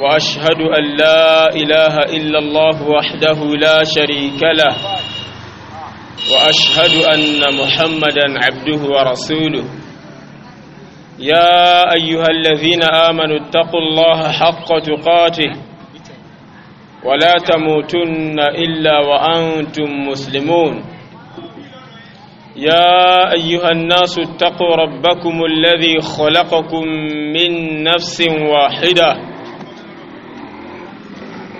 واشهد ان لا اله الا الله وحده لا شريك له واشهد ان محمدا عبده ورسوله يا ايها الذين امنوا اتقوا الله حق تقاته ولا تموتن الا وانتم مسلمون يا ايها الناس اتقوا ربكم الذي خلقكم من نفس واحده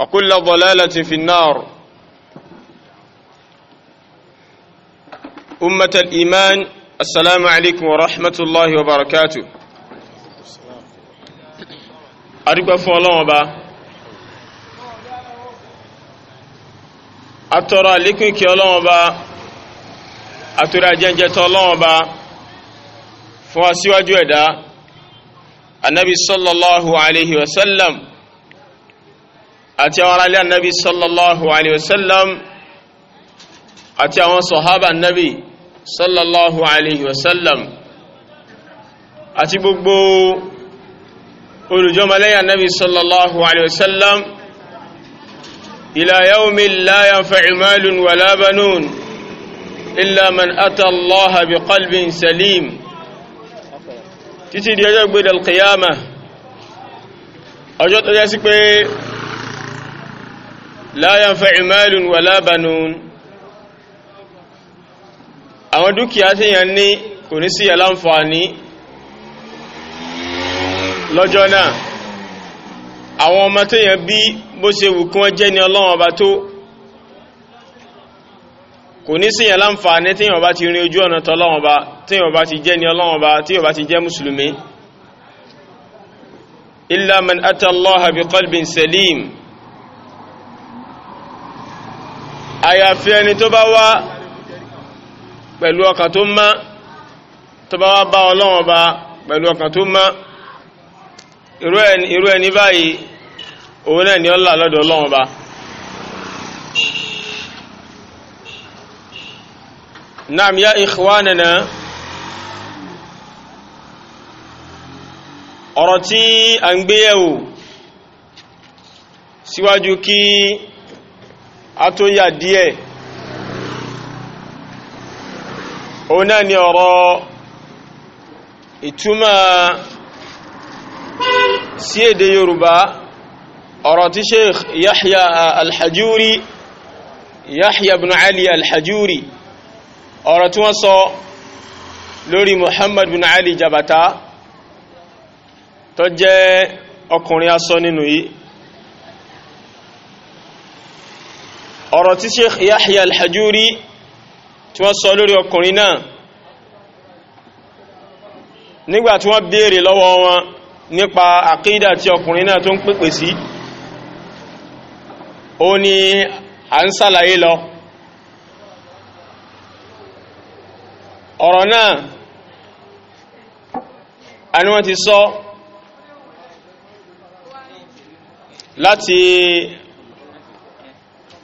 وكل ضلالة في النار أمة الإيمان السلام عليكم ورحمة الله وبركاته أرجو فولان وبا أترى لكم كيولان وبا أترى جنجة الله وبا فواسي وجوه النبي صلى الله عليه وسلم àti àwọn aráalé ànábì sallallahu alayhi wa sallam àti àwọn sọ̀hábà ànábì sallallahu alayhi wa sallam àti gbogbo olùjọmọlẹ́yìn ànábì sallallahu alayhi wa sallam ila yawmin la yanfa'u malun wala banun illa man ata Allah bi qalbin salim títí di ọjọ́ gbé dal qiyamah ọjọ́ tó jẹ́ sí pé la yanfa'u malun wala banun àwọn dúkìá tí yàn ní kò ní sí aláǹfààní lọ́jọ́ náà àwọn ọmọ tí yàn bí bó ṣe wù kí wọ́n jẹ́ ní Ọlọ́run ọba tó kò ní sí aláǹfààní tí yàn bá ti rin ojú ọ̀nà tọ́lọ́run bá tí yàn bá ti jẹ́ mùsùlùmí illa àyàfi ẹni tó bá wá pẹ̀lú ọkàn tó mọ́ tó bá wá bá ọlọ́wọ́n bá pẹ̀lú ọkàn tó mọ́ irú ẹni báyìí òun náà ni ọlá lọ́dọ̀ ọlọ́wọ́n bá naam ya ikhwanana ọ̀rọ̀ tí a ń gbéyẹ̀wò síwájú kí àtúnyà díẹ̀ òun náà ni ọ̀rọ̀ ìtumọ̀ sí èdè Yorùbá ọ̀rọ̀ Sheikh Yahya al-Hajuri Yahya ibn Ali al-Hajuri ọ̀rọ̀ tí wọ́n sọ lórí Muhammad ibn Ali Jabata tó jẹ́ ọkùnrin asọ nínú yìí ọ̀rọ̀ tí Sheikh Yahya al-Hajuri tí wọ́n sọ lórí ọkùnrin náà nígbà tí wọ́n béèrè lọ́wọ́ wọn nípa àkídà tí ọkùnrin náà tó ń pèpè sí ó ní à ń sàlàyé lọ ọ̀rọ̀ náà àni ti sọ láti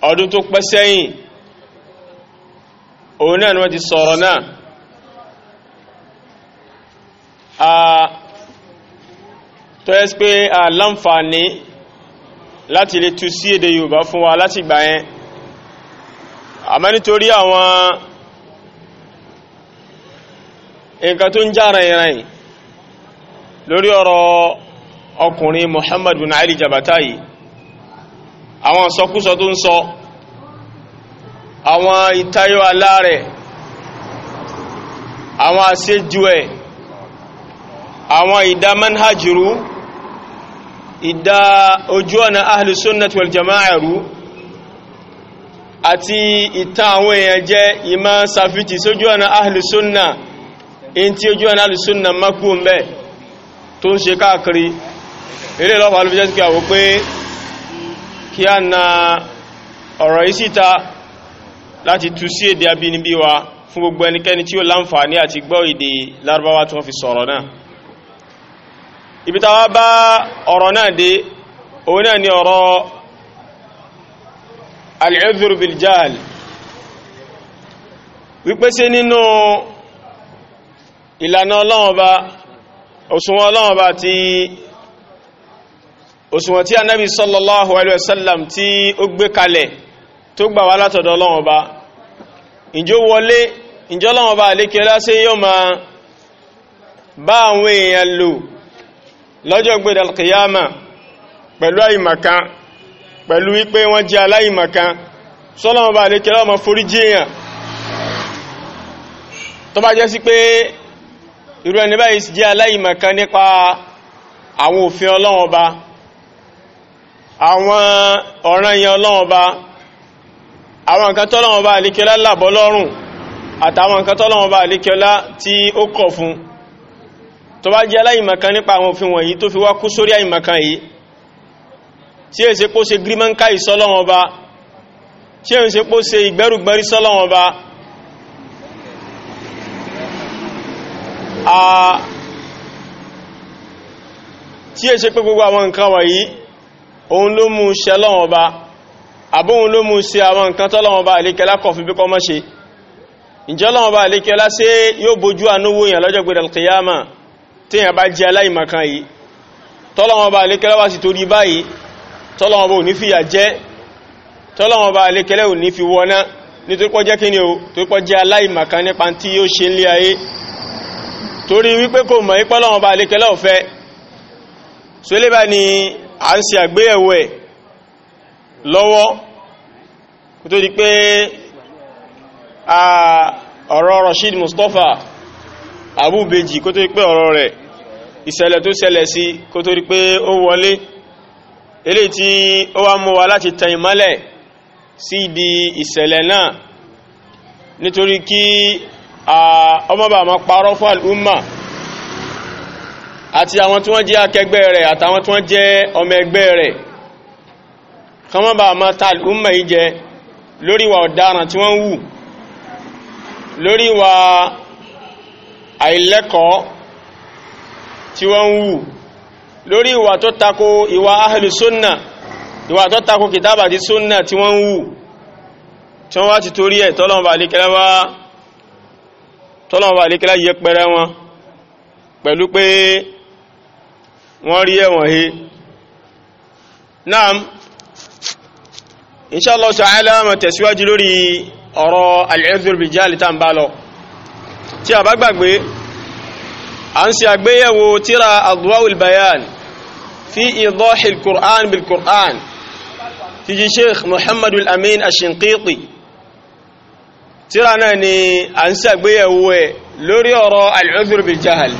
ọdún tó pẹ́ sẹ́yìn òun náà ni wọ́n ti sọ̀rọ̀ náà a tó yẹ́ pé a láǹfààní láti lè tú sí èdè Yorùbá fún wa láti gbà yẹn àmọ́ nítorí àwọn nǹkan tó ń já rẹ̀yìn lórí ọ̀rọ̀ ọkùnrin Muhammadu Ali Jabata yìí àwọn sọkúsọ tó ń sọ àwọn ìtayọ aláàrẹ̀ àwọn àṣejù ẹ̀ àwọn ìdá manhajirú ìdá ojú ọ̀nà ahlu sunnah wal jama'a rú àti ìtàn àwọn èèyàn jẹ́ ìmá sàfitì sójú ọ̀nà ahlu sunnah in tí ojú ọ̀nà ahlu sunnah tó ń ṣe káàkiri eré lọ́pàá ló kí a na ọ̀rọ̀ yìí síta láti tú sí èdè abínibí wa fún gbogbo ẹnikẹ́ni tí ó láǹfààní àti gbọ́ èdè lárúbáwá tí wọ́n fi sọ̀rọ̀ náà ibi bá ọ̀rọ̀ náà dé òun náà ni ọ̀rọ̀ al-udhr wípé sí nínú ìlànà ọlọ́wọ́n ba òṣùwọ̀n ọlọ́wọ́n ba ti òṣùwọ̀n tí anábi sallallahu alaihi wasallam tí ó gbé kalẹ̀ tó gbà wá látọ̀dọ̀ Ọlọ́run Ọba ìjó wọlé ìjọ́ Ọlọ́run Ọba àlékẹ́ lásẹ́ yóò ma bá àwọn èèyàn lò lọ́jọ́ gbẹ̀dẹ̀ alkiyama pẹ̀lú àìmọ̀kan pẹ̀lú wípé wọ́n jẹ́ aláìmọ̀kan sọ́lọ́run Ọba àwọn ọ̀ràn yẹn ọlọ́wọ́n bá àwọn nǹkan tọ́lọ́wọ́n bá àlékẹ́lá làbọ́ lọ́rùn àtàwọn nǹkan tọ́lọ́wọ́n bá àlékẹ́lá tí ó kọ̀ fún tó bá jẹ́ aláìmọ̀kan nípa àwọn òfin wọ̀nyí tó fi wá kú sórí àìmọ̀kan yìí tí è ṣe pó ṣe tí è ṣe pé gbogbo àwọn nǹkan wọ̀nyí òun ló mú ṣe lọ́wọ́n ọba àbóhun ló mú ṣe àwọn nǹkan tọ́lọ́wọ́n ọba àlékẹ́lá kọ̀ fi bí kọ́ mọ́ ṣe ǹjẹ́ lọ́wọ́n ọba àlékẹ́lá ṣe yóò bójú ànúwò yàn lọ́jọ́ gbẹ̀rẹ̀ kìyàmà tí yàn bá jẹ́ aláìmọ̀kan yìí tọ́lọ́wọ́n ọba àlékẹ́lá wá sí torí báyìí tọ́lọ́wọ́n ọba ò ní fìyà jẹ́ tọ́lọ́wọ́n ọba àlékẹ́lá ò ní fi wọná nítorí pọ́ jẹ́ kíni o torí pọ́ jẹ́ aláìmọ̀kan nípa tí yóò ṣe ń lé ayé torí wípé kò mọ̀ ipọ́lọ́wọ́n ọba àlékẹ́lá ò fẹ́ a ń ṣe àgbéyẹ̀wò ẹ̀ lọ́wọ́ kò tó di pé ọ̀rọ̀ Rashid Mustapha Abubeji kò tó di pé ọ̀rọ̀ rẹ̀ ìṣẹ̀lẹ̀ tó ṣẹlẹ̀ sí kò tó di pé ó wọlé eléyìí tí ó wá mú wa láti tẹ ìmọ́lẹ̀ sí ibi ìṣẹ̀lẹ̀ náà nítorí kí ọmọbà máa parọ́ fún al àti àwọn tí wọ́n jẹ́ akẹgbẹ́ rẹ̀ àtàwọn tí wọ́n jẹ́ ọmọ ẹgbẹ́ rẹ̀ kọmọ́bà àmọ́ tààlùmọ̀ yìí jẹ lórí ìwà ọ̀daràn tí wọ́n wù lórí ìwà àìlẹ́kọ̀ọ́ tí wọ́n wù lórí ìwà tó tako ìwà ahlu sunna ìwà tó tako kìtàbà di sunna tí wọ́n wù tí wọ́n wá ti torí ẹ̀ tọ́lọ̀ pẹ̀lú pé wọ́n rí ẹ̀wọ̀n he naam inshallah ta'ala ma tẹ̀síwájú lórí ọ̀rọ̀ al'adhur bijali tá ń bá lọ tí a bá gbàgbé a ń ṣe àgbéyẹ̀wò tíra adwa'ul bayan fi idahil qur'an bil qur'an ti ji sheikh muhammadu al-amin ashinqiti tíra náà ni a ń ṣe àgbéyẹ̀wò ẹ̀ lórí ọ̀rọ̀ al'adhur bijali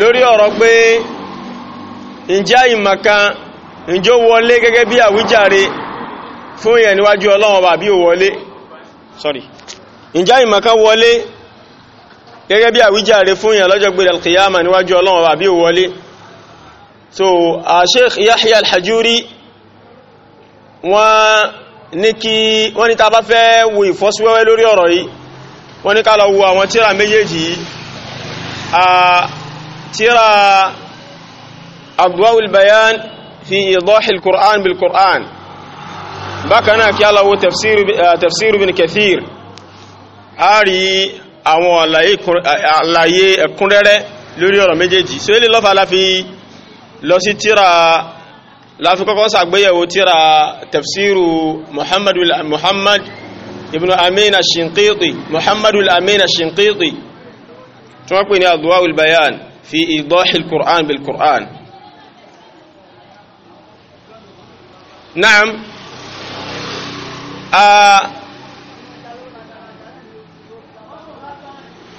lórí ọ̀rọ̀ pé ǹjẹ́ àìmọ̀kan ǹjẹ́ ó wọlé gẹ́gẹ́ bí àwíjàre fún yẹn níwájú Ọlọ́run bá bí ó wọlé sorry ǹjẹ́ àìmọ̀kan wọlé gẹ́gẹ́ bí àwíjàre fún yẹn lọ́jọ́ gbé alkiyama níwájú Ọlọ́run bá bí ó wọlé so a Sheikh Yahya al-Hajuri wọ́n ní kí wọ́n ní ta bá fẹ́ wo ìfọ́síwẹ́wẹ́ lórí ọ̀rọ̀ tíra أضواء البيان في إيضاح القرآن بالقرآن بكنا كيالا تفسير تفسير ابن كثير ari àwọn àlàyé ẹ̀kúnrẹ́rẹ́ lórí ọ̀rọ̀ méjèèjì so ilé lọ́fà láfi lọ sí tíra láfi kọ́kọ́ sàgbéyẹ̀wò tíra tafsiru muhammad ibn amin al-shinqiti muhammad al-amin al-shinqiti tí wọ́n pè ní adwa'ul bayan fi idahil qur'an bil qur'an naam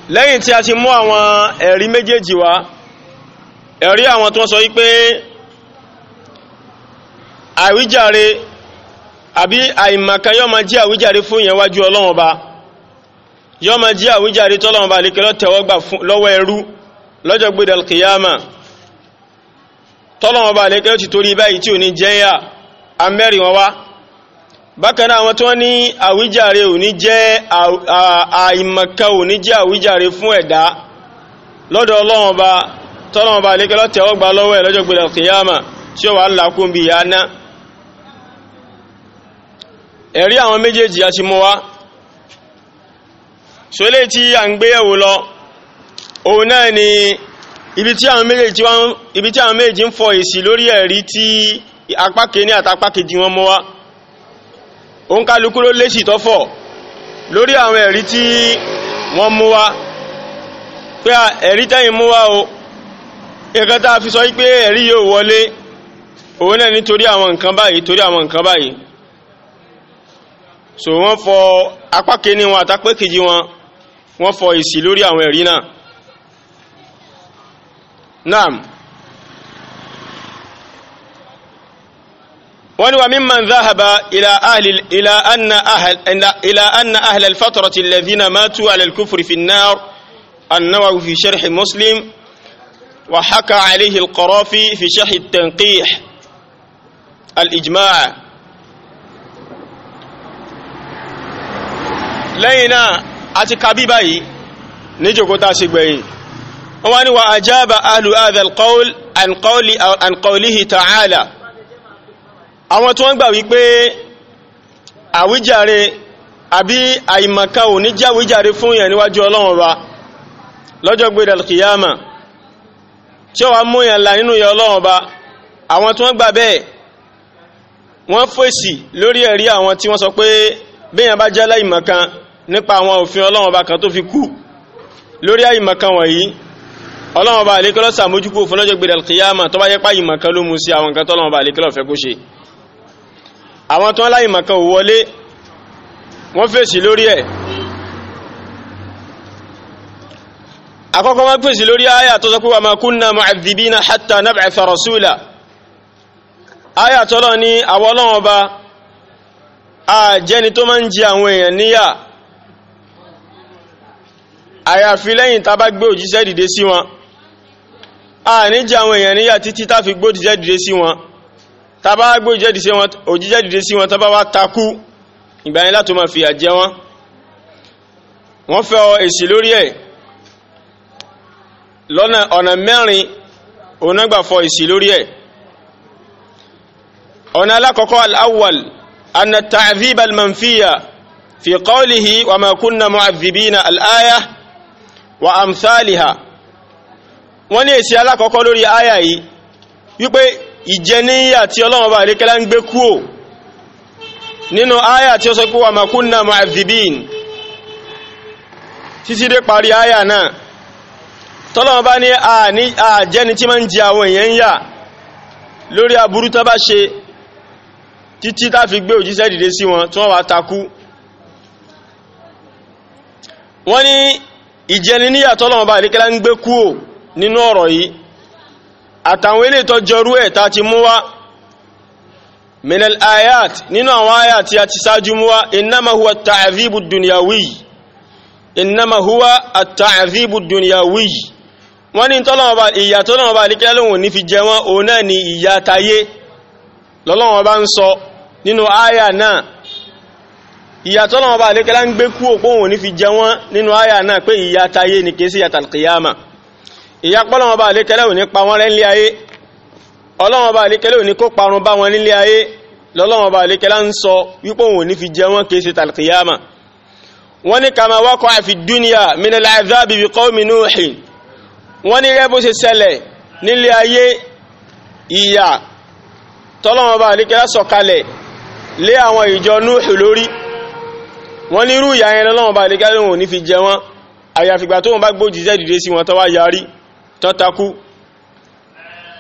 lẹ́yìn tí a ti mú àwọn ẹ̀rí méjèèjì wá ẹ̀rí àwọn tó sọ wípé àwíjàre àbí àìmàkà yọ́ ma jẹ́ àwíjàre fún ìyẹn wájú Ọlọ́run Ọba yọ́ ma jẹ́ àwíjàre tọ́lọ́run Ọba lékẹ́ lọ́tẹ̀wọ́gbà lọ́wọ́ ẹrú lọ́jọ́ gbé dal qiyama tọ́lọ́run Ọba lékẹ́ amẹ́rin wọn wá bákan náà àwọn tí wọ́n ní àwíjàre ò ní jẹ́ àìmọ̀kan ò àwíjàre fún ẹ̀dá lọ́dọ̀ ọlọ́wọ́n ba tọ́lọ́wọ́n ba lékẹ́ lọ́tẹ̀ ọgbà lọ́wọ́ ẹ̀ lọ́jọ́ gbèrè kìyàmà tí ó wà ń lakún bí ìyá ná ẹ̀rí àwọn méjèèjì a ti mú wá sólé tí a ń gbé ẹ̀wò lọ òun náà ni ibi tí àwọn méjèèjì ń fọ èsì lórí ẹ̀rí tí apá kìíní àtapá kejì wọn mọ́ wá ó ń kálukú ló lésì tọ́fọ̀ lórí àwọn ẹ̀rí tí wọ́n mú wá pé ẹ̀rí tẹ́yìn mú wá o nǹkan tá fi sọ wípé ẹ̀rí yóò wọlé òun náà nítorí àwọn nǹkan báyìí torí àwọn nǹkan báyìí so wọ́n fọ apá kìíní wọn àtapá kejì wọn wọ́n fọ èsì lórí àwọn ẹ̀rí náà naam wọ́n ni wa mimman dhahaba ila ahli ila anna ahl ila anna ahl al-fatrati alladhina matu ala al-kufri fi an-nar an-nawawi fi sharh muslim wa haka alayhi al-qarafi fi sharh at-tanqih al-ijma' lẹ́yìnà àti kàbí báyìí ní jòkótá sí gbẹ̀yìn wọ́n ni wa ajaba ahlu hadha al-qawl an qawlihi ta'ala àwọn tí wọ́n gbà wípé àwíjàre àbí àìmọ̀ká ò ní jáwíjàre fún yẹn níwájú ọlọ́run ọba lọ́jọ́ gbé dàlkìyàmà tí ó wá mú yẹn là nínú yẹn ọlọ́run ọba àwọn tí wọ́n gbà bẹ́ẹ̀ wọ́n fèsì lórí ẹ̀rí àwọn tí wọ́n sọ pé béèyàn bá jẹ́ láìmọ̀kan nípa àwọn òfin ọlọ́run ọba kan tó fi kú lórí àìmọ̀kan wọ̀nyí ọlọ́run ọba àlékọ́lọ́sà mójúkú fún lọ́jọ́ gbé dàlkìyàmà tó bá yẹ àwọn tó ń láì mọ̀kan ò wọlé wọ́n fèsì lórí ẹ̀ àkọ́kọ́ wọ́n fèsì lórí ayà tó sọ pé wa ma kunna mu'adhibina hatta nab'atha rasula ayà tọ́lọ ní àwọn ọlọ́wọ́n ba àjẹni tó máa ń jẹ àwọn èèyàn níyà àyàfi lẹ́yìn tá bá gbé òjíṣẹ́ dìde sí wọn a ní jẹ àwọn èèyàn níyà títí tá fi gbójíṣẹ́ dìde sí wọn tàbá gbé òjíjẹ́ dìde sí wọn tàbá wá takú ìgbà yẹn láti máa fìyà jẹ wọn wọ́n fẹ́ ọ èsì lórí ẹ̀ lọ́nà ọ̀nà mẹ́rin onágbà fọ èsì lórí ẹ̀ ọ̀nà alákọ̀ọ́kọ́ al-awwal anna ta'dhib al-manfiya fi qawlihi wa ma kunna mu'adhibina al-aya wa amthaliha wọ́n ní èsì alákọ̀ọ́kọ́ lórí aya yìí wípé ìjẹníyà tí ọlọ́run bá àríkẹ́lá ń gbé kúò nínú áyà tí ó sọ pé wà ma kunna mu'adhibin títí dé parí áyà náà tọ́lọ́run bá ní àjẹni tí máa ń jẹ àwọn èèyàn yà lórí aburú tán bá ṣe títí tá fi gbé òjíṣẹ́ dìde sí wọn tí wọ́n wá takú wọ́n ní ìjẹni níyà bá àríkẹ́lá ń gbé kúò nínú ọ̀rọ̀ yìí àtàwọn ilé ìtọ́jọrú ẹ̀ ta ti mú wá minal ayat nínú àwọn ayat tí a ti sáájú mú wá innama huwa ta'adhibu dunyawi innama huwa ta'adhibu dunyawi wọ́n ní tọ́lọ́wọ́ bá ìyà tọ́lọ́wọ́ bá líkẹ́ lóhun ní fi jẹ òun náà ni ìyà tayé lọ́lọ́wọ́ bá ń sọ nínú àyà náà ìyà tọ́lọ́wọ́ bá líkẹ́ lá ń gbé kú òpóhun ní fi jẹ nínú àyà náà pé ìyà tayé ni kìí sí yàtàlkìyàmà ìyapọ́lọ́wọ́n bá àlékẹ́lẹ́ òní pa wọ́n rẹ́ nílé ayé ọlọ́wọ́n bá àlékẹ́lẹ́ òní kó parun bá wọn nílé ayé lọ́lọ́wọ́n bá àlékẹ́lẹ́ ń sọ wípé òun ní fi jẹ wọ́n kìí ṣe tàlkìyàmà wọ́n ní kàmà wákọ̀ àfi dúnìyà mìnàlá àzábì bí qawmi Nuhin wọ́n ní rẹ́bù ṣe ṣẹlẹ̀ nílé ayé ìyà tọ́lọ́wọ́n bá àlékẹ́lẹ́ sọ̀kalẹ̀ lé àwọn ìjọ àyàfìgbà tó wọn bá gbójì jẹ́ dìde sí wọn tó wá yarí tọ́takú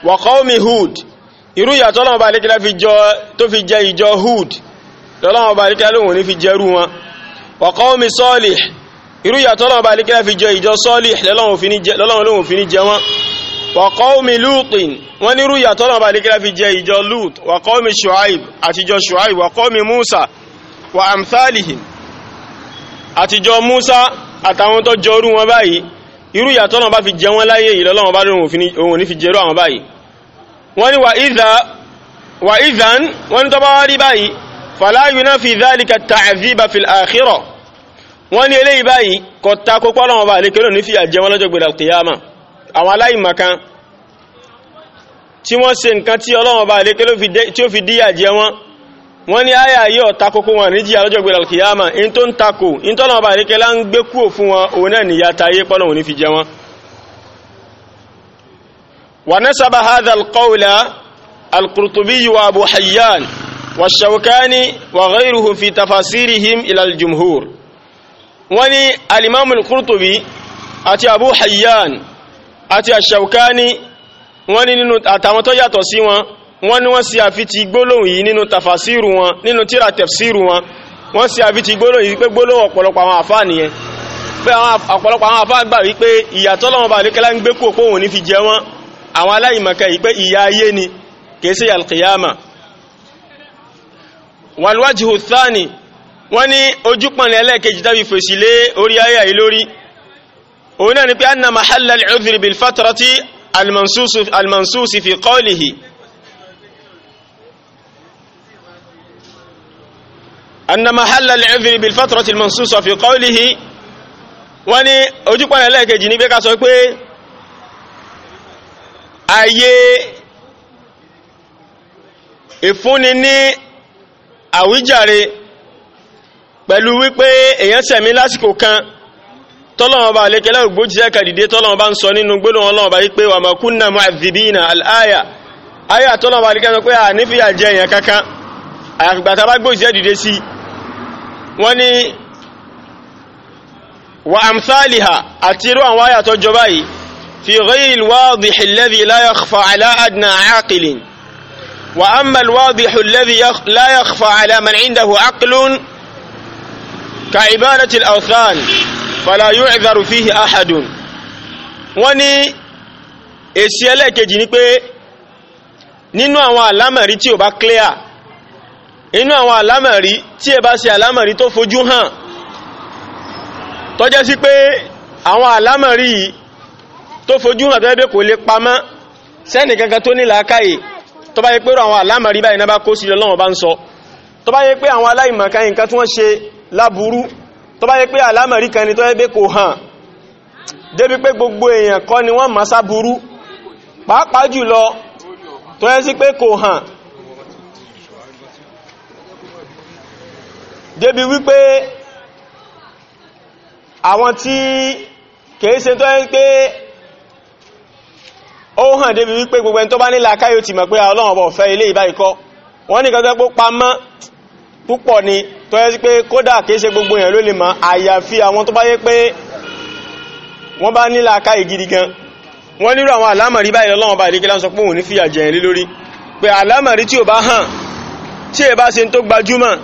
wa qawmi Hud irú ìyà tọ́lọ́wọ́ bá lékílá tó fi jẹ ìjọ Hud tọ́lọ́wọ́ bá lékílá lóhun ní fi jẹrú wọn wa qawmi Salih irú ìyà tọ́lọ́wọ́ bá lékílá fi jẹ ìjọ Salih lọ́lọ́wọ́ fi ní jẹ wọn wa qawmi wọ́n ní irú ìyà tọ́lọ́wọ́ bá lékílá fi jẹ ìjọ Lut irú yàtọ̀ náà bá fi jẹ wọ́n láyé ìlọ́lọ́wọ́ bá lóhun òní fi jẹ́rọ àwọn báyìí wọ́n ni wà ìzàn wọ́n ni tọ́bá wá rí báyìí fàláyù náà fi zálika ta'ziba fil akhirah wọ́n ni eléyìí báyìí kò ta kó pọ́lọ́wọ́ bá lékè lónìí fi àjẹ wọn lọ́jọ́ gbèrà kìyàmà àwọn aláìmọ̀kan tí wọ́n ṣe nǹkan ọlọ́wọ́ bá lékè ló fi wọ́n ní àyà yìí ọ̀ta kókó wọn ní jíyà lọ́jọ́ gbẹ̀rẹ̀ alkiyama in tó ń takò in tọ́nà ọba àríkẹ́ lá ń gbé kúrò fún wọn òun náà nìyà tayé pọ́nà òun ní fi jẹ wọn wà ní sábà hadha alqawla alqurtubi wa abu hayyan wa shawkani wa ghayruhum fi tafasirihim ila aljumhur wọ́n ní alimam alqurtubi àti abu hayyan àti ashawkani wọ́n ní nínú àtàwọn tó yàtọ̀ sí wọn wọ́n ní wọ́n sì àfitì gbólóhùn yìí nínú tafasiru wọn nínú tíra tafsiru wọn wọ́n sì àfitì gbólóhùn yìí pé gbólóhùn ọ̀pọ̀lọpọ̀ àwọn àfáà nìyẹn pé ọ̀pọ̀lọpọ̀ àwọn àfáà gbà wípé ìyàtọ̀ lọ́wọ́ bá lékẹ́lá ń gbé kó pé òun ní fi jẹ wọ́n àwọn aláìmọ̀kẹ́ yìí pé ìyà ayé ni kìí sí alkiyama wàlúwájú thani wọ́n ní ojúpọ̀n ẹlẹ́ẹ̀kejì tàbí fèsì أن محل العذر بالفترة المنصوصة في قوله wọ́n ní ojúpọ̀nà lẹ́ẹ̀kejì ní pé ká sọ pé ayé ìfúnni ní àwíjàre pẹ̀lú wípé èyàn sẹ̀mí lásìkò kan tọ́lọ́wọ́n bá lè kẹlẹ́ ògbójíṣẹ́ kàdìdé tọ́lọ́wọ́n bá ń sọ nínú gbólóhùn Ọlọ́run bá wípé wà mọ̀kúnnà mọ́ àzìbìnà àláyà ayé àtọ́lọ́wọ́n bá lè kẹlẹ́ pé à nífìyà jẹ èyàn kankan àyàfìgbà wọ́n ní wa amsaliha àti irú àwọn àyà tó jọba yìí fi ghayri al-wadih alladhi la yakhfa ala adna aqilin wa amma al-wadih alladhi la yakhfa ala man indahu aqlun ka ibadati al-awthan fala fihi ahadun wọ́n ní èsì ẹlẹ́ẹ̀kejì ni pé nínú àwọn àlámọ̀rí tí ò bá clear inú àwọn àlámọ̀rí tí ẹ bá ṣe àlámọ̀rí tó fojú hàn tó jẹ́ sí pé àwọn àlámọ̀rí tó fojú hàn tó ẹgbẹ́ kò lè pamọ́ sẹ́nì kankan tó ní làákàyè tó bá yẹ pé àwọn àlámọ̀rí báyìí náà bá kó sí lọ́wọ́ bá ń sọ tó bá yẹ pé àwọn aláìmọ̀kan tó yẹ sí pé kò hàn débi wípé àwọn tí kìí ṣe tó ń pé ó hàn débi wípé gbogbo ẹni tó bá nílà káyò ti mọ̀ pé ọlọ́run ọ̀bọ̀ fẹ́ ilé ìbá ikọ́ wọ́n ní kankan pó pamọ́ púpọ̀ ni tó yẹ sí pé kódà kìí ṣe gbogbo èèyàn ló lè mọ̀ àyàfi àwọn tó bá yẹ pé wọ́n bá nílà káyì gidi gan wọ́n nírò àwọn àlámọ̀rí báyìí lọ́wọ́n bá ìdíkẹ́ láńsọ pé òun ní fìyà jẹ̀yìn lórí pé àlámọ̀rí tí ò bá hàn tí è bá ṣe tó gbajúmọ̀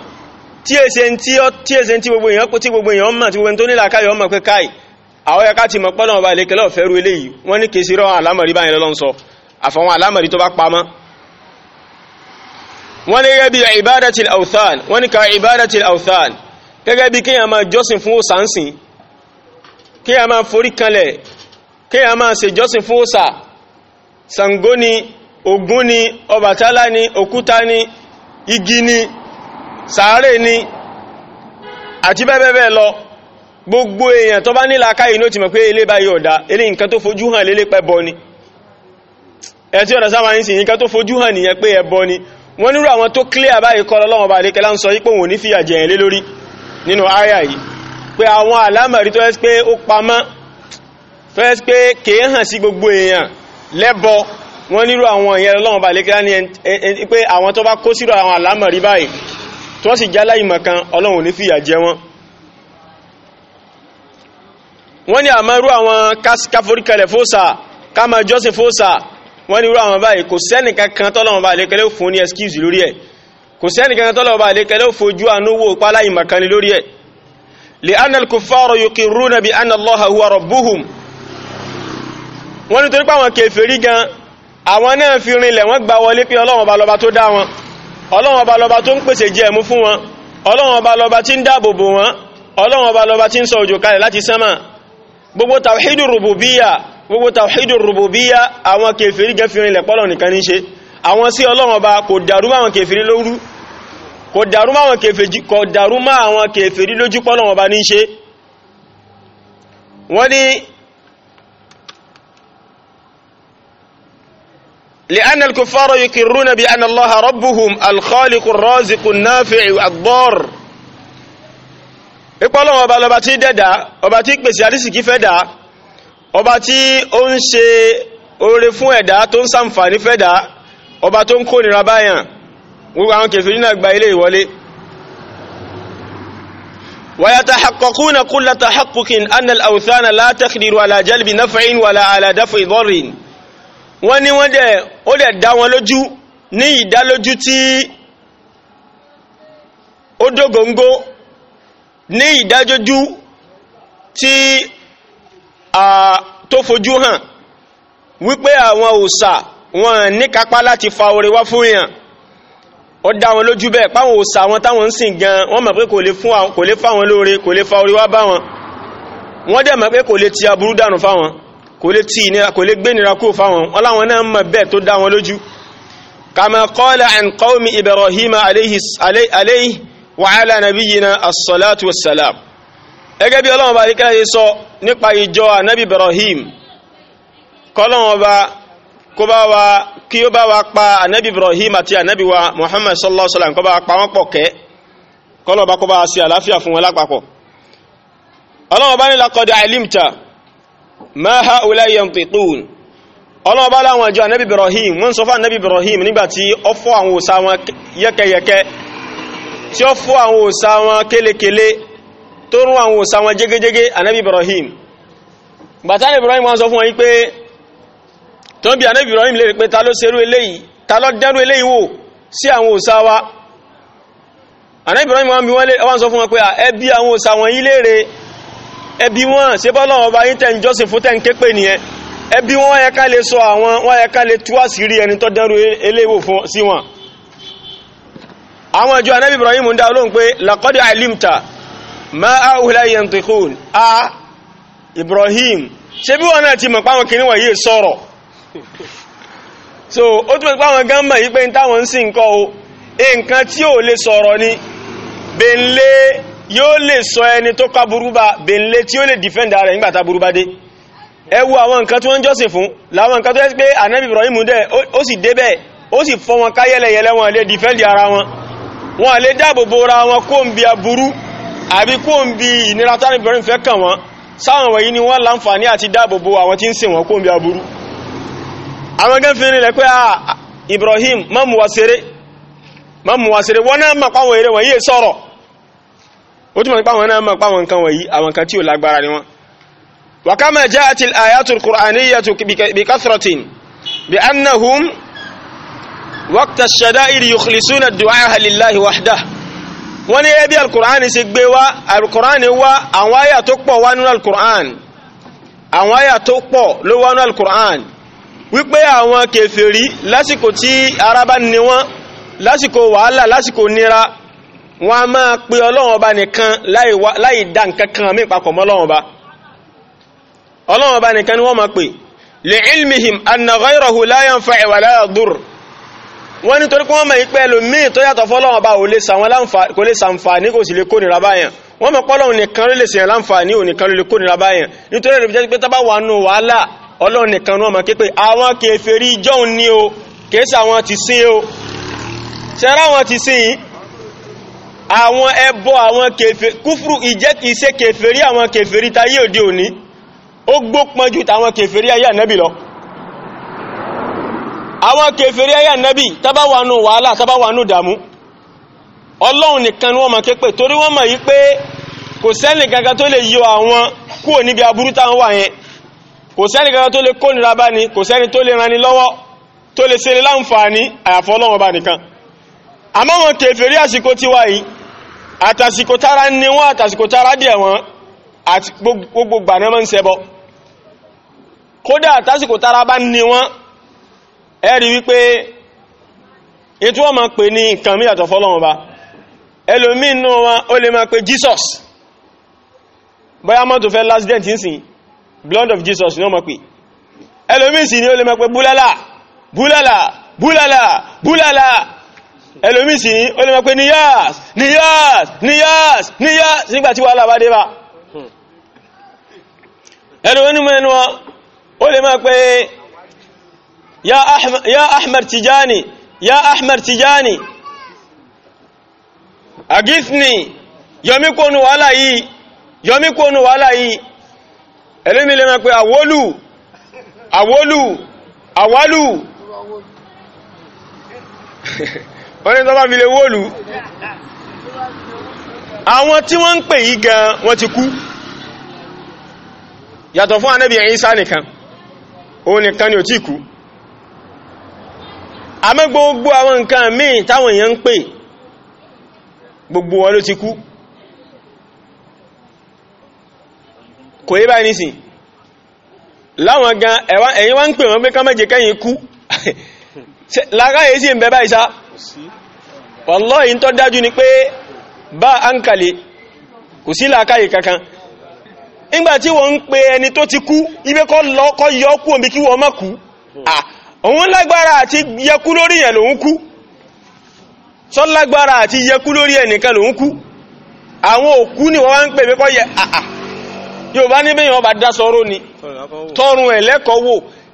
tí èsè tí gbogbo èèyàn kò tí gbogbo èèyàn mọ̀ tí gbogbo tó nílà káyọ̀ mọ̀ pé káì àwọn ẹ̀ká ti mọ̀ pọ́lọ̀ ọba ilé kẹlẹ́ ọ̀fẹ́ ru eléyìí wọ́n ní kèsì rán àlámọ̀rí báyìí lọ́n sọ àfọwọ́n àlámọ̀rí tó bá pamọ́ wọ́n ní gẹ́gẹ́ bí ibadatil awthan wọ́n ní ka ibadatil awthan gẹ́gẹ́ bí kéèyàn máa jọ́sìn fún òsànsìn kéèyàn máa forí kanlẹ̀ kéèyàn máa ṣe jọ́sìn fún òsà Ṣàngó ni ni Ọbàtálá ni òkúta ni igi ni sàárè ni àti bẹ́ẹ̀bẹ́ẹ̀ lọ gbogbo èèyàn tó bá nílà káyì ní ó ti mọ̀ pé ilé báyìí ọ̀dá ilé nǹkan tó fojú hàn lélé pẹ́bọ ni ẹ tí ọ̀dá sáwà ń sì nǹkan tó fojú hàn nìyẹn pé ẹbọ ni wọ́n nírò àwọn tó clear báyìí kọ́ lọ́wọ́ bá lékẹ́lá ń sọ yí pé wọ́n ní fìyà jẹ̀yìn lé lórí nínú àyà yìí pé àwọn àlámọ̀rí tó ẹ́sì pé ó pamọ́ fẹ́ pé kèé hàn sí gbogbo èèyàn lẹ́bọ wọ́n nírò àwọn ìyẹn lọ́wọ́ bá lékẹ́lá ní pé àwọn tó bá kó sírò àwọn àlámọ̀rí báyìí tí wọ́n sì jálá ìmọ̀kan ọlọ́run ní fìyà jẹ wọn wọ́n ní àmọ́rú àwọn káforíkalẹ̀ fóòsà káàmà jọ́sìn fóòsà wọ́n ní irú àwọn báyìí kò sẹ́nìkankan tọ́lọ́run bá lékẹ́lẹ́ fún ní excuse lórí ẹ̀ kò sẹ́nìkankan tọ́lọ́run bá lékẹ́lẹ́ fojú àánú wò pálá ìmọ̀kan ni lórí ẹ̀ li'anna al-kuffara yuqirruna bi anna Allaha huwa rabbuhum wọ́n ní torípé àwọn kèfèrí gan àwọn náà fi rinlẹ̀ wọ́n gbà wọlé pé ọlọ́run bá lọ́ba tó dá wọn ọlọ́run ọba lọba tó ń pèsè jẹ mú fún wọn ọlọ́run ọba lọba tí ń dáàbò bò wọn ọlọ́run ọba lọba tí ń sọ òjò kalẹ̀ láti sánmà gbogbo tawhidu rububiya gbogbo tawhidu rububiya àwọn kèfèrí gẹ́fìrin lẹ̀pọ́lọ̀ nìkan ní ṣe àwọn sí ọlọ́run ọba kò dàrú máwọn kèfèrí lójú kò dàrú máwọn kèfèrí lójú pọ́lọ́run ọba ní ṣe wọ́n ní لأن الكفار يقرون بأن الله ربهم الخالق الرازق النافع الضار ipa ọlọ́run ọba lọba tí dẹ́dà ọba tí pèsè àrísìkí fẹ́dà ọba tí ó ń ṣe oore fún ẹ̀dá tó ń ṣàǹfààní fẹ́dà ọba tó ń kó nira báyàn gbogbo àwọn kèfèrí náà gba ilé ìwọlé ويتحققون كل تحقق أن الأوثان لا تقدر على جلب نفع ولا على دفع ضر wọ́n ní wọ́n dẹ̀ ó dẹ̀ dá wọn lójú ní ìdálójú tí ó dógóngó ní ìdájójú tí a tó fojú hàn wípé àwọn òòṣà wọn níkapá láti fa oore wá fún èèyàn ó dá wọn lójú bẹ́ẹ̀ páwọn òòṣà wọn táwọn ń sìn gan wọ́n mọ̀ pé kò lè fáwọn lóore kò lè fa oore wá bá wọn wọ́n dẹ̀ mọ̀ pé kò lè ti aburú dànù fáwọn kò lè tí ìnira kò lè gbénira kó fáwọn ọláwọn náà mọ̀ bẹ́ẹ̀ tó dá wọn lójú kama qala an qawmi ibrahim alayhi wa ala nabiyyina as-salatu was-salam ẹgẹ́ bí ọlọ́wọ́n bá ríkẹ́ yìí sọ nípa ìjọ anabi ibrahim kọlọ́wọ́n bá kó bá wa kí ó bá wa pa anabi ibrahim àti anabi wa muhammad sallallahu alaihi wasallam kó bá wa pa wọ́n pọ̀ kẹ́ kọlọ́wọ́n bá kó bá wa sí àlàáfíà fún wọn lápapọ̀ ọlọ́wọ́n bá ní laqad alimta ma haula yantiqun ọlọ́wọ́ bá láwọn ìjọ anabi ibrahim wọn sọ fún anábì ibrahim nígbàtí ọfọ fọ́ àwọn òsà wọn yẹ́kẹyẹkẹ tí ó fọ́ àwọn òsà wọn tó rún àwọn wọn ibrahim bàtà ibrahim wọ́n sọ fún wọn yí pé ibrahim lè rí pé ta ló serú eléyìí ta ló ibrahim wọ́n sọ fún wọn pé ẹ bí àwọn wọn ẹbí wọn ṣe bọ́lọ̀ ọba yín tẹ́ ń jọ́sìn fún tẹ́ ń ké pè nìyẹn ẹbí wọn yẹ ká lè sọ àwọn wọn yẹ ká lè tú àṣírí ẹni tó dẹrù eléwò fún sí wọn. àwọn ìjọ anábì Ibrahim ń dá olóhùn pé laqad alimta ma ahula yantiqun a Ibrahim ṣe bí wọn náà ti mọ̀ páwọn kìnìún wọ̀nyí sọ̀rọ̀ so ó túnbọ̀ páwọn gánmà yìí pé ń táwọn ń sìn kọ́ o nǹkan tí ò lè sọ̀rọ̀ ni bẹ́ẹ̀ yóò lè sọ ẹni tó ká burúba bèèlé tí ó lè de rẹ̀ nígbàtà burúba dé ẹ wo àwọn nǹkan tí wọ́n ń jọ́sìn fún láwọn nǹkan tó yẹ pé anabi Ibrahim dẹ̀ ó sì débẹ̀ ó sì fọ́ wọn ká yẹlẹyẹlẹ wọn lè dìfẹ́ndì ara wọn wọn lè dáàbò bo ra wọn kó ń bi aburú àbí kó n bi ìnira Ibrahim fẹ́ kàn wọn sáwọn wọ̀nyí ni wọ́n láǹfààní àti dáàbò bo àwọn tí ń sìn wọn kó aburú àwọn Ibrahim wọ́n náà mọ̀ pàwọn ó túnmọ̀ nípa àwọn náà mọ̀ pa àwọn nǹkan wọ̀nyí àwọn nǹkan tí ó lágbára ni wọ́n wa kama ja'atil ayatul qur'aniyyatu bi kathratin bi annahum waqta ash-shada'ir yukhlisuna ad-du'a lillahi wahdahu wọ́n ní ẹbí al-qur'ani gbé wá al-qur'ani àwọn àyà tó pọ̀ wá nínú al àwọn àyà tó pọ̀ ló wá nínú al wípé àwọn kèfèrí lásìkò tí ara bá ní lásìkò wàhálà lásìkò nira wọn a máa pe ọlọ́run ọba nìkan láì dá nǹkan kan mí papọ̀ mọ́ ọlọ́run ọba ọlọ́run ọba nìkan ni wọ́n máa pè li ilmihim anna ghayrahu la yanfa'u wa la yadur wọ́n ní torí kí wọ́n mọ̀ yí pé ẹlòmíì tó yàtọ̀ fọ́lọ́run ọba ò lè sàǹfààní kò sì lè kónira báyàn wọ́n mọ̀ pọ́lọ́run nìkan ló lè sèyàn láǹfààní ò nìkan ló lè kónira báyàn nítorí ẹ̀rọ jẹ́ pé tábà wà nù wàhálà ọlọ́run nìkan àwọn ẹbọ àwọn kèfèrí kúfùrù ìjẹ́ ìṣe kèfèrí àwọn kèfèrí tayé òde òní ó gbópọn ju tàwọn kèfèrí ayé ànábì lọ àwọn kèfèrí ayé ànábì tábáwánú wàhálà tábáwánú dàmú ọlọ́run nìkan ni wọ́n ma ké pè torí wọ́n mọ̀ yí pé kò sẹ́ni kankan tó lè yọ àwọn kúrò níbi aburú táwọn wà yẹn kò sẹ́ni kankan tó lè kónira bá ní kò sẹ́ni tó lè ranni lọ́wọ́ tó lè ṣe láǹfààní àyàfọ́ ọlọ́run ọba nìkan àmọ́ wọn kèfèrí àsìkò tiwa yìí àtàsìkò tára ní wọ́n àtàsìkò tára dẹ̀ wọ́n àti gbogbo gbàná mọ́ ń ṣẹbọ kódà àtàsìkò tára bá ní wọ́n ẹ̀rí wípé ètò wọ́n máa pè ní nǹkan mí fọ́lọ́wọ́n ba ẹlòmíín wọn ó lè máa pè Jesus bóyá mọ́tò fẹ́ last dent ń sìn blood of Jesus ní wọ́n máa pè ẹlòmíín sì ni ó lè máa pè búlálà búlálà búlálà búlálà ẹlòmí sí ó lè mọ́ pé níyàs níyàs níyàs níyàs nígbàtí wà lábádé bá ẹlòmí mẹ́nu wọn ó lè mọ́ pé ya ahmed tijani ya ahmed tijani agifni yọmí kónú wàhálà yìí yọmí kónú wàhálà yìí ẹlòmí lè mọ́ pé àwólù àwólù àwálù oní tó bá fi lè wóòlù àwọn tí wọ́n ń pè yí gan wọ́n ti kú yàtọ̀ fún Ànábì Ìsá nìkan o nìkan ni ò tí kú àmọ́ gbogbo àwọn nǹkan míì táwọn èèyàn ń pè gbogbo wọn ló ti kú kò yí báyìí nìsìn láwọn gan ẹ̀yìn wọ́n ń pè wọ́n pé ká má kẹ́yìn kú lára èyí sí ń báyìí sáà wallahi tó dájú ni pé bá áńkàlẹ̀ kò sí làákàyè kankan nígbàtí wọ́n ń pè ẹni tó ti kú ibé kọ́ yọ kú omi kí wọ́n má kú òun lágbára àti yẹkú lórí àti yẹkú lórí yẹ àà yóò bá níbẹ̀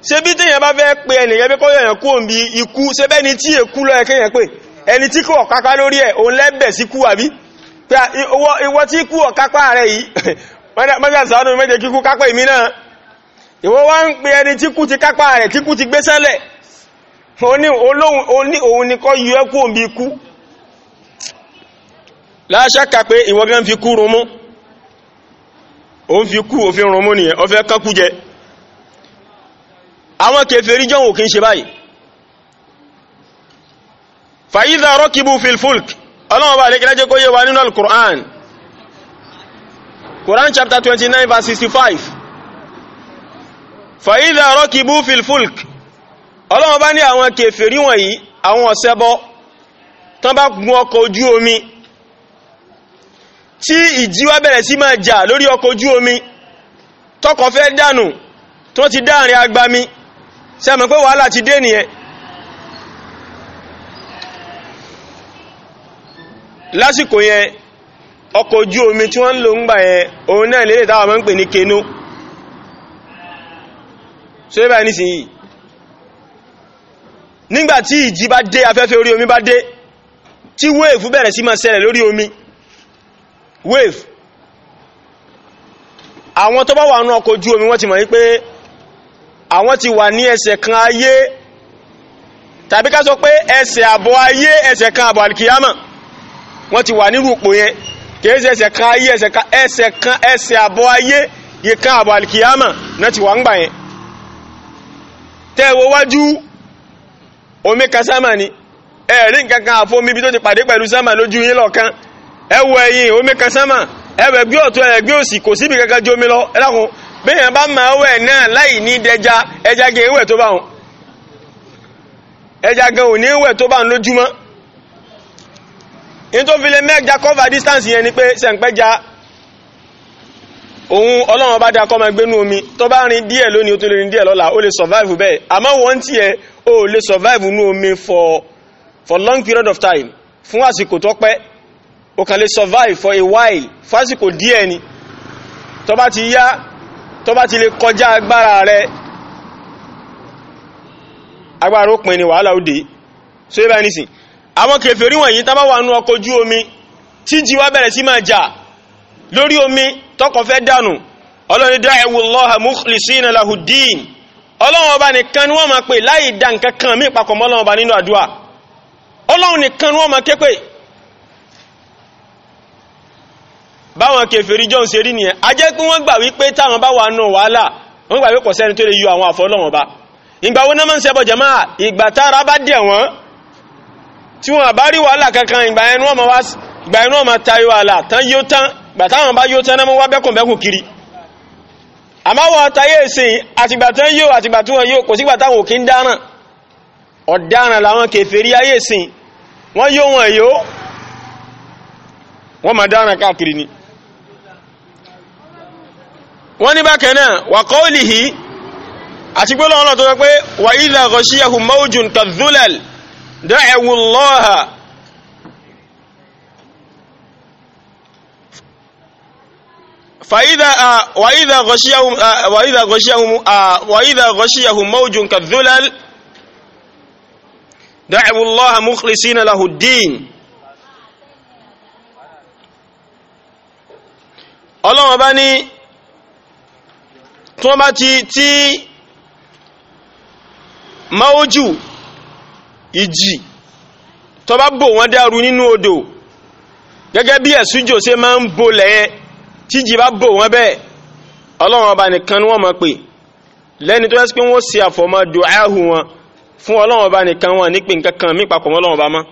ṣe bí tèyàn bá fẹ́ pé ẹnìyàn pé kọ́yọ̀ èyàn kú òmbi ikú ṣe bẹ́ ni tí èkú lọ ẹkẹ́yàn pé ẹni tí kò ọ̀kápá lórí ẹ̀ òun lẹ́bẹ̀ sí kú àbí ìwọ tí kú ọ̀kápá rẹ̀ yìí mọ́jà sàánú méje kíkú kápá èmi náà ìwọ wá ń pe ẹni tí kú ti àwọn kèfèrí jọ òkín ṣe báyìí fàyíza rọ́kìbù filfulk ọlọ́wọ́ bá lẹ́kẹ́lẹ́ jẹ́ kó yé wa nínú al-Qur'an Qur'an chapter 29 verse 65 fàyíza rọ́kìbù filfulk ọlọ́wọ́ bá ní àwọn kèfèrí wọ̀nyí àwọn ọ̀sẹ́bọ́ tán bá gun ọkọ̀ ojú omi tí ìjì wá bẹ̀rẹ̀ sí máa jà lórí ọkọ̀ ojú omi tọkọ̀ fẹ́ dànù tó ti dáàrin agbami ṣe mọ̀ pé wàhálà ti dé nìyẹn lásìkò yẹn ọkọ̀ ojú omi tí wọ́n ń lò ń gbà yẹn òun náà lè dáwà mọ́ ń pè ní kenú so yíba nísìnyí nígbàtí ìjì bá dé afẹ́fẹ́ orí omi bá dé tí wave bẹ̀rẹ̀ sí máa ṣẹlẹ̀ lórí omi wave àwọn tó bá wà nú ọkọ̀ ojú omi wọ́n ti mọ̀ wípé àwọn ti wà ní ẹsẹ̀ kan ayé tàbí ká sọ pé ẹsẹ̀ àbọ̀ ayé ẹsẹ̀ kan àbọ̀ alkiyama wọ́n ti wà nírú ipò yẹn kìí ṣe ẹsẹ̀ kan ayé ẹsẹ̀ kan ẹsẹ̀ àbọ̀ ayé yìí kan àbọ̀ alkiyama náà ti wà ń gbà yẹn tẹ́wọ́ wájú omi kan sámà ni ẹ̀rí nǹkan kan àfomi ibi tó ti pàdé pẹ̀lú sámà lójú yín lọ́ọ̀kan ẹwọ ẹ̀yìn omi kan sámà ẹwẹ̀ gbé ọ̀tún ẹ̀gbẹ́ òsì kò síbi kankan ju omi lọ ẹ̀lákùn bẹ́yàn bá máa wẹ̀ náà láì ní dẹja ẹja gẹ ìwẹ̀ tó bá wọn ẹja gan ò ní ìwẹ̀ tó bá wọn lójúmọ́ in tó fi lè mẹ́ja cover distance yẹn ni pé sẹ̀ǹpẹ́ja òun ọlọ́run bá dá kọ́mọ ẹgbẹ́nú omi tó bá rin díẹ̀ lónìí ó tó lè rin díẹ̀ lọ́la ó lè survive bẹ́ẹ̀ àmọ́ wọ́n ti ẹ̀ ó lè survive nú omi for for long period of time fún àsìkò tó pẹ́ ó kàn lè survive for a while fásìkò díẹ̀ ni tó bá ti yá tó bá ti lè kọjá agbára rẹ agbára òpin ni wàhálà ó dé so ibà nísìn àwọn kèfèrí wọ̀nyí tá bá wà nú ọkọ̀ ojú omi tí jíwá bẹ̀rẹ̀ sí máa jà lórí omi tọkọ̀ fẹ́ dànù ọlọ́ni dáẹ̀wò lọ́ha mukhlisina lahudin ọlọ́run ọba nìkan ni wọ́n máa pè láì dá nǹkan kan mí papọ̀ ọlọ́run ọba nínú àdúrà ọlọ́run nìkan ni wọ́n máa ké pè báwọn kèfèrí john ṣe rí nìyẹn a jẹ́ pé wọ́n gbà wípé táwọn bá wà nù wàhálà wọ́n gbà wípé kò sẹ́ni tó lè yọ àwọn àfọlọ́wọ́n bá ìgbà wo náà máa ń ṣẹbọ jàmáà ìgbà tára bá dẹ̀ wọ́n tí wọ́n bá rí wàhálà kankan ìgbà ẹnu ọmọ tayọ àlà tán yóò tán ìgbà táwọn bá yóò tán náà wá bẹ́kùnbẹ́kùn kiri àmọ́ wọn tayé ìsìn àtìgbà tán yóò àtìgbà tí wọn yóò kò sígbà táwọn òkín dáràn ọ̀daràn làwọn wọ́n yóò wọn káàkiri ni wọ́n ní bákan náà wà qawlihi àti pé lọ́wọ́ tó sọ pé wa idha ghashiyahum mawjun kadhulal da'u Allaha فإذا وإذا غشيهم وإذا غشيهم وإذا غشيهم موج كالذلل دعوا الله مخلصين له bá ní tí wọ́n bá ti tí máójù ìjì tó bá bò wọ́n dàrú nínú odò gẹ́gẹ́ bí ẹ̀sújò ṣe máa ń bo lẹ́yẹn tíjì bá bò wọ́n bẹ́ẹ̀ ọlọ́run ọba nìkan ni wọ́n máa pè lẹ́ni tó ẹ́sì pé wọ́n ṣe àfọ̀mọ́ dùáhù wọn fún ọlọ́run ọba nìkan wọn nípe nǹkan kan mí papọ̀ ọlọ́run ọba mọ́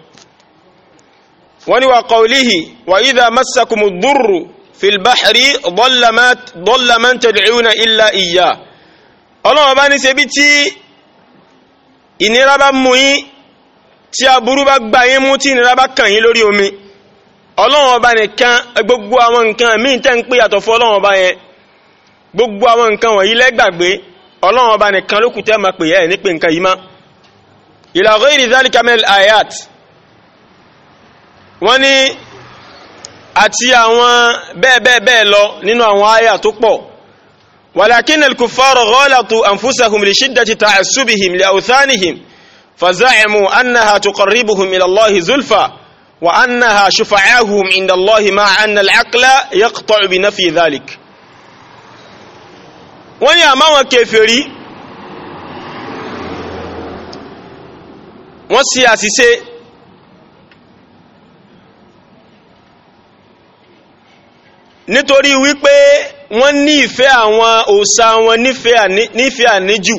wọ́n ní wa qawlihi wa idha massakumu durru في البحر ضل ما ضل من تدعون إلا إياه ọlọ́run bá ní ṣe bí tí ìnira bá mú yín tí aburú bá gbà yín mú tí ìnira bá kàn yín lórí omi ọlọ́run ọba nìkan gbogbo àwọn nǹkan míì tẹ́ ń pè yàtọ̀ fún ọlọ́run ọba yẹn gbogbo àwọn nǹkan wọ̀nyí lẹ́gbàgbé ọlọ́run ọba nìkan ló kù tẹ́ máa pè ẹ́ ní pé nǹkan yìí má ila ghairi dhalika ayat wọ́n ní àti àwọn be be be lọ nínú àwọn àyà tó pọ̀ walakin al-kuffara ghalatu anfusahum li shiddati ta'assubihim li awthanihim faza'imu annaha tuqarribuhum ila allah zulfa wa annaha shufa'ahum inda allah ma anna al-aqla yaqta'u bi nafi dhalik wọ́n ní àmọ́ àwọn kèfèrí wọ́n sì àṣìṣe nítorí wípé wọ́n ní ìfẹ́ àwọn òòṣà wọn nífẹ́ àníjù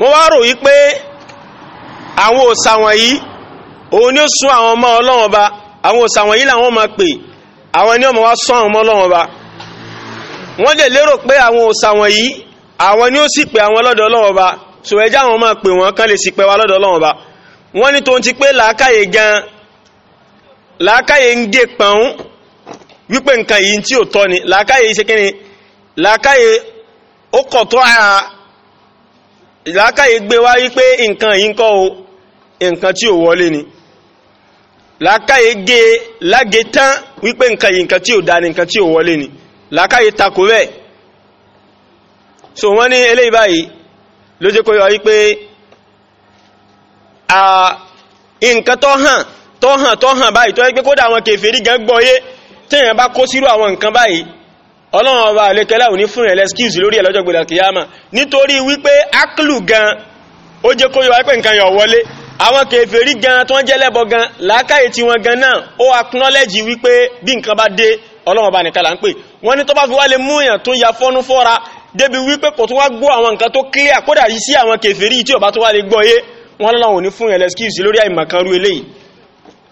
wọ́n wá rò wípé àwọn òòṣà wọ̀nyí òun ni ó sún àwọn ọmọ ọlọ́wọ́n ba àwọn òòṣà wọ̀nyí làwọn máa pè àwọn ni ọmọ wa sún àwọn ọmọ ọlọ́wọ́n ba wọ́n lè lérò pé àwọn òòṣà wọ̀nyí àwọn ni ó sì pè àwọn lọ́dọ̀ ọlọ́wọ́n ba sọ ẹjẹ́ àwọn máa pè wọ́n kán lè sì pè wá lọ́dọ̀ ọlọ́wọ́n ba wọ́n ní tó ń ti pé làákàyè gan làákàyè ń gé pọ̀n wípé nǹkan yìí tí ò tọ́ ni làákàyè ṣe kíni làákàyè ó kọ̀ tó ara làákàyè gbé wá wípé nǹkan yìí kọ́ o nǹkan tí ò wọlé ni làákàyè gé lágé tán wípé nǹkan yìí nǹkan tí ò dá ni nǹkan tí ò wọlé ni làákàyè takò bẹ́ẹ̀ so wọ́n ní eléyìí báyìí ló jẹ́ kó yọ wípé nǹkan tó hàn tó hàn tó hàn báyìí tó yẹ pé kódà àwọn kèfèrí gan gbọ́yé téèyàn bá kó sírú àwọn nǹkan báyìí ọlọ́run ọba àlékẹ́lá ò ní fún ẹ̀lẹ́ skills lórí ẹ̀lọ́jọ́ gbèdà kìyàmà nítorí wípé áklù gan ó jẹ́ kó yọ wáyé pé nǹkan yọ wọlé àwọn kèfèrí gan tó ń jẹ́ lẹ́bọ gan làákàyè tí wọn gan náà ó acknowledge wípé bí nǹkan bá dé ọlọ́run ọba nìkan là ń pè wọ́n ní tó bá fi wá lè mú èèyàn tó ya fọ́nú fọ́ra débi wípé kò tó wá gbọ́ àwọn nǹkan tó clear kódà yìí sí àwọn kèfèrí tí ó bá tó wá lè gbọ́ yé wọ́n lọ́wọ́ ní fún ẹ̀lẹ́ skills lórí àìmọ̀kan rú eléyìí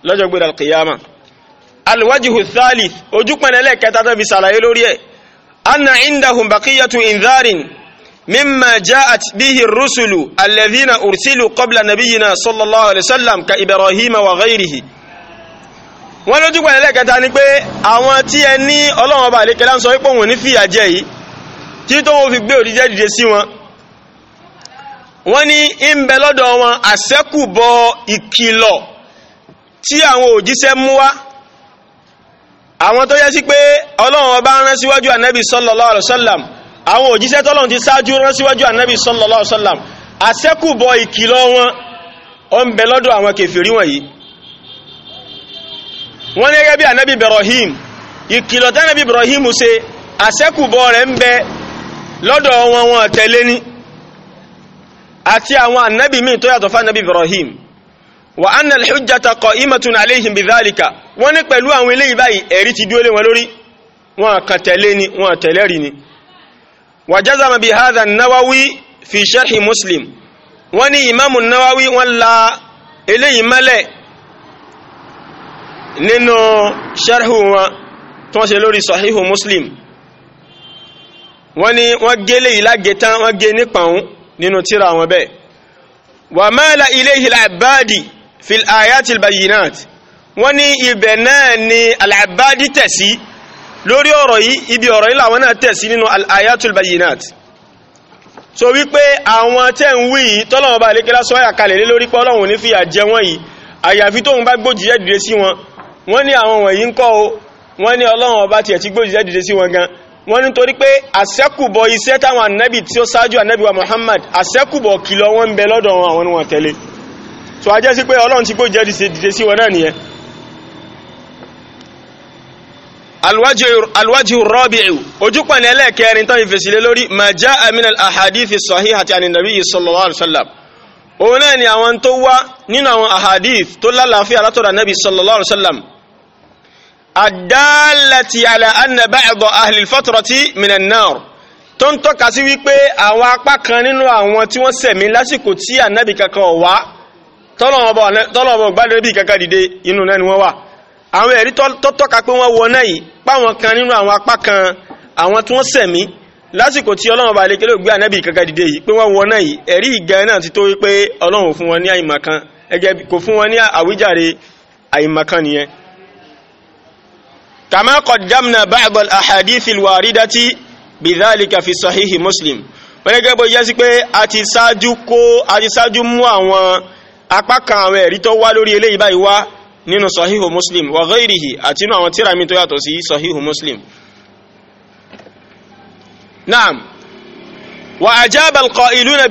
lọ́jọ́ gbèdà kìyàmà alwajihu thalith ojúpẹ̀lẹ̀ lẹ́kẹta tó fi sàlàyé lórí ẹ̀ anna indahum baqiyatu inzarin mimma ja'at bihi rusulu alladhina ursilu qabla nabiyyina sallallahu alaihi wasallam ka ibrahima wa ghayrihi wọ́n lójúpẹ̀lẹ̀ lẹ́kẹta ni pé àwọn tí ẹ ní Ọlọ́run ọba àlékẹ́lá ń sọ wípé wọn ní fìyà jẹ yìí tí tó wọn fi gbé òdíjẹ́ dìde sí wọn wọ́n ní ń bẹ lọ́dọ̀ wọn àṣẹ́kù bọ ìkìlọ̀ tí àwọn òjíṣẹ́ mú wá àwọn tó yẹ sí pé ọlọ́run ọba rán síwájú ànábì sallallahu alaihi wasallam àwọn òjíṣẹ́ tọ́lọ́run ti ṣáájú rán síwájú ànábì sallallahu alaihi wasallam àṣẹ́kùbọ̀ ìkìlọ̀ wọn ó ń bẹ lọ́dọ̀ àwọn kèfèrí wọ̀nyí wọ́n ní gẹ́gẹ́ bí ànábì Ibrahim ìkìlọ̀ tánàbí Ibrahim ṣe àṣẹ́kùbọ̀ rẹ̀ ń bẹ lọ́dọ̀ wọn wọn tẹ̀lé ní àti àwọn ànábì míì tó yàtọ̀ fún ànábì Ibrahim wa anna al-hujjata qa'imatun alayhim bidhalika wọ́n ní pẹ̀lú àwọn eléyìí báyìí ẹ̀rí ti dúró lé wọn lórí wọn kàn tẹ̀lé ni wọn tẹ̀lé rí ni wa jazama bi hadha an-nawawi fi sharhi muslim wọ́n ní imamu an-nawawi wọ́n la eléyìí mẹ́lẹ̀ nínú sharhu wọn tó wọ́n ṣe lórí muslim wọ́n ní wọ́n gé léyìí lágé tán wọ́n gé nípa òun nínú tíra wa mala ilayhi al-abbadi fil ayatil bayyinat wọ́n ní ibẹ̀ náà ni al-Abbadi tẹ̀sí lórí ọ̀rọ̀ yìí ibi ọ̀rọ̀ yìí làwọn náà tẹ̀sí nínú al-ayatul bayyinat so wípé àwọn tẹ́ ń wí yìí tọ́lọ́wọ́n bá lékelá sọ àyà kalẹ̀ lé lórí pọ́lọ́wọ́n ní fìyà jẹ wọ́n yìí àyàfi tóun bá gbòjìyẹ dìde sí wọn wọ́n ní àwọn wọ̀nyí ń kọ́ o wọ́n ní ọlọ́wọ́n ọba tiẹ̀ ti gbòjìyẹ dìde sí wọn gan wọ́n ní torí pé àṣẹ́kùbọ̀ iṣẹ́ táwọn ànábì tí ó ṣáájú ànábì wa Muhammad àṣẹ́kùbọ̀ kìlọ̀ wọn ń bẹ lọ́dọ̀ wọn àwọn wọn tẹ̀lé so a jẹ́ sí pé ọlọ́run ti kó jẹ́ dìde sí wọn náà nìyẹn alwájú rọ́bìí ojúpọ̀nà ẹlẹ́ẹ̀kẹrin tán ìfèsìlẹ̀ lórí ma já àmìnà àhàdífì sọ̀hí àti ànìyàn sallallahu alaihi wasallam òun náà ni àwọn tó wá nínú àwọn àhàdíf tó lálàáfíà látọ̀dọ̀ nàbí sallallahu alaihi wasallam àdálàtì àlà anna ba'da ahlil fatrati tó ń tọ́ka sí wípé àwọn apá kan nínú àwọn tí wọ́n sẹ̀mí lásìkò tí ànábì kankan wá tọ́lọ̀wọ̀ gbádẹ́ bí kankan dìde inú náà ni wọ́n wà àwọn ẹ̀rí tọ́tọ́ka pé wọ́n wọ náà yìí páwọn kan nínú àwọn apá kan àwọn tí wọ́n sẹ̀mí lásìkò tí ọlọ́run bá lè kéré ògbé ànẹ́bì kankan dìde yìí pé wọ́n wọ náà yìí ẹ̀rí ìgá náà ti tó wípé ọlọ́run fún wọn ní àìmọ̀ kan ẹgẹ́ kò fún wọn ní àwíjàre àìmọ̀ kan nìyẹn kàmá kọ̀dámnà ba'd al-ahadith al-waridati bidhalika fi sahihi muslim wọ́n gẹ́gẹ́ bó jẹ́ sí pé a ti ṣáájú mú àwọn apá kan àwọn ẹ̀rí tó wá lórí eléyìí báyìí wá nínú sahihu muslim wa ghairihi àti inú àwọn tíra mi tó yàtọ̀ sí sahihu muslim naam wa ajaba alqa'iluna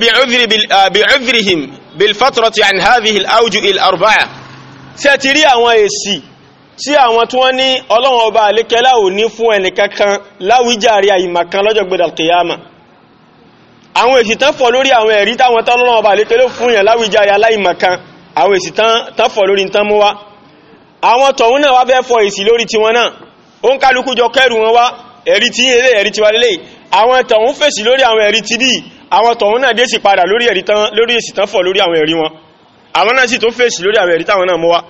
bi'udhrihim ah, bilfatrati an hadhihi alawjuh alarba'a tí a ti rí àwọn èsì tí àwọn tí wọ́n ní ọlọ́run ọba àlékẹ́lá ní fún ẹnìkankan láwíjàre àyìmàkan lọ́jọ́ gbẹ̀dàkìyàmà àwọn èsì tán fọ̀ lórí àwọn ẹ̀rí táwọn tọ́lọ́rọ̀ ọba lékè ló fún yàn láwíjàre aláìmọ̀kan àwọn èsì tán fọ̀ lórí tán mú wá àwọn tọ̀hún náà wá fẹ́ fọ̀ èsì lórí tiwọn náà ó ń kálukú jọ kẹrù wọn wá ẹ̀rí tí eré ẹ̀rí tiwa lélẹ̀ àwọn tọ̀hún fèsì lórí àwọn ẹ̀rí ti bí àwọn tọ̀hún náà dé sì padà lórí èsì tán fọ̀ lórí àwọn ẹ̀rí wọn àwọn náà sì tó fèsì lórí àwọn ẹ̀rí táwọn náà mú wá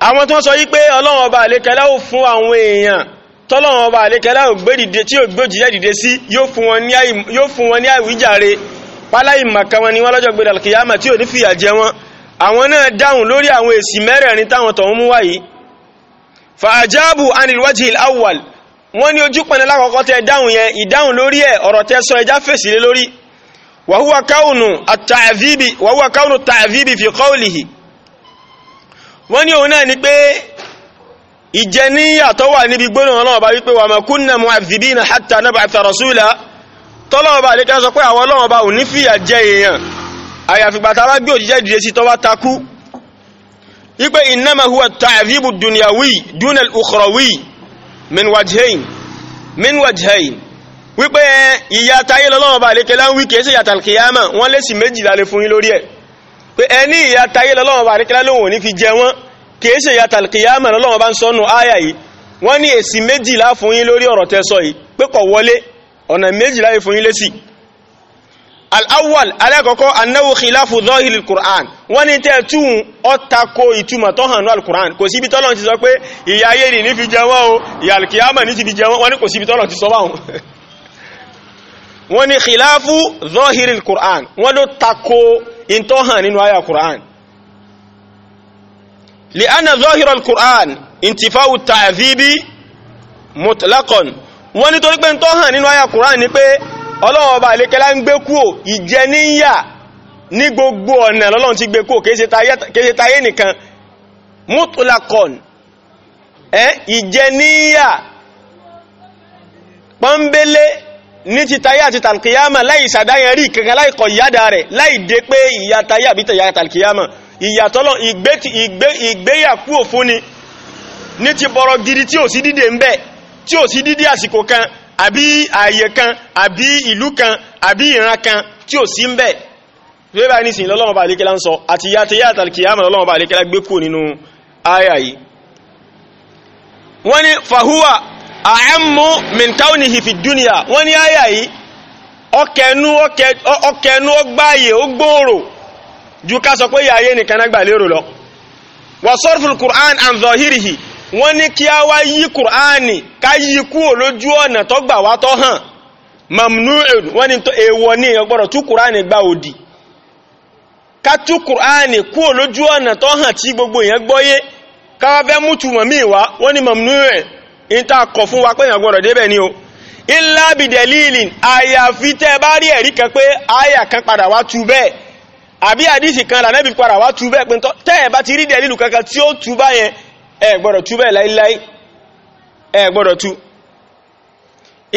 àwọn tó sọ yí pé ọlọ́run ọba àlékẹ́lá ò fún àwọn èèyàn tọ́lọ́wọ́n ọba àlékẹ́lá tí ò gbójìyà dìde sí yóò fún wọn ní àwíjàre páláyì màkà wọn ni wọ́n lọ́jọ́ gbé dàlùkìyàmà tí ò ní fìyà jẹ wọn àwọn náà dáhùn lórí àwọn èsì mẹ́rẹ̀ẹ̀rin táwọn tọ̀hún mú wáyìí fàájáàbù anìlwájì awwal wọ́n ní ojú pẹ̀lẹ̀ lákọ̀ọ́kọ́ tẹ dáhùn yẹn ìdáhùn lórí ẹ̀ ọ̀rọ̀ tẹ sọ ẹjá fèsì lé lórí wàhúwà káùnù ìjẹníyà tó wà níbi gbónà ọlọ́ọ̀bá wípé wà ma kunna mu'adhibina hatta nab'atha rasula tọ́lọ́ọ̀bá àlékẹ́ sọ pé àwọn ọlọ́ọ̀bá ò ní fìyà jẹ èèyàn àyàfìgbà tàbá gbé òjíjẹ́ dìde sí tọ́wá takú wípé innama huwa ta'dhibu dunyawi duna al-ukhrawi min wajhayn min wajhayn wípé ìyà tayé lọ́lọ́ọ̀bá àlékẹ́ láwí kìí sí yàtà kìyàmà wọ́n lé sí méjìlá lè fún yín lórí ẹ̀ pé ẹni ìyà tayé lọ́lọ́ọ̀bá àlékẹ́ lóhùn ò ní fi jẹ wọ́n kìí ṣe ìyà tàlkìyàmà lọ́lọ́wọ́ bá ń sọ́nù áyà yìí wọ́n ní èsì méjìlá fún yín lórí ọ̀rọ̀ tẹ́sọ yìí pé kọ̀ wọlé ọ̀nà méjìlá yìí fún yín lésì al-awwal alákọ̀ọ́kọ́ annahu khilafu zahiri al-qur'an wọ́n ní tẹ́ tún ọ́tako ìtumọ̀ tó hàn ní al-qur'an kò síbi tọ́lọ̀ ti sọ pé ìyà ayé ni ní fi o ìyà al-qiyama ní ti wọ́n ní kò síbi tọ́lọ̀ ti sọ báwọn wọ́n ní khilafu zahiri quran wọ́n ló tako ìtọ́hàn nínú ayà quran li'anna zọ́hìrọ̀ al-Qur'an intifau ta'dhibi mutlaqan wọ́n nítorí pé ń tọ́ hàn nínú àyà Qur'an ni pé Ọlọ́run ọba àlékẹ́lá ń gbé kúò ìjẹníyà ní gbogbo ọ̀nà lọ́lọ́run ti gbé kúò kéèṣe tayé nìkan mutlaqan ẹ́ ìjẹníyà pọ́nbélé ní ti tayé àti tàlkìyàmà láì sàdáyẹrí kankan láì kọ̀ yádà rẹ̀ láì dé pé ìyá tayé àbí tẹ̀yà tàlkìyàmà ìyàtọ́lọ̀ ìgbéyàkú òfún ni ní ti bọ̀rọ̀ gidi tí ò sí dídè ń bẹ̀ tí ò sí dídé àsìkò kan àbí ààyè kan àbí ìlú kan àbí ìran kan tí ò sí ń bẹ̀ tí ó bá ní sin lọ́lọ́wọ́ bá lékẹ́lá ń sọ àti yàtẹ̀yà àtàlìkìyàmà lọ́lọ́wọ́ bá lékẹ́lá gbé kú ju ká sọ pé yàáyé nìkan nágbà lérò lọ wà sọ́rọ̀fún kùrán àn zọ̀hírìhì wọ́n ní kí a wá yí kùránì ká yí kúrò lójú ọ̀nà tó gbà wá tó hàn mamnu'un wọ́n ní tó èèwọ̀ ní ọgbọ́dọ̀ tú kùránì gba òdì ká tú kùránì kúrò lójú ọ̀nà tó hàn tí gbogbo èèyàn gbọ́yé ká wá fẹ́ mú tùmọ̀ míì wá wọ́n ní mamnu'un in ta kọ̀ fún wa pé èèyàn gbọ́dọ̀ débẹ̀ ni o illa bidalilin àyàfi tẹ́ bá rí ẹ̀rí kan pé àyà kan padà wá tu bẹ́ẹ̀ àbí àdísì kan lànẹ́bí padà wá tú bẹ́ẹ̀ pín tẹ́ẹ̀ bá ti rí dẹ̀ lílù kankan tí ó tú bá yẹn ẹ gbọ́dọ̀ tú bẹ́ẹ̀ láíláí ẹ gbọ́dọ̀ tú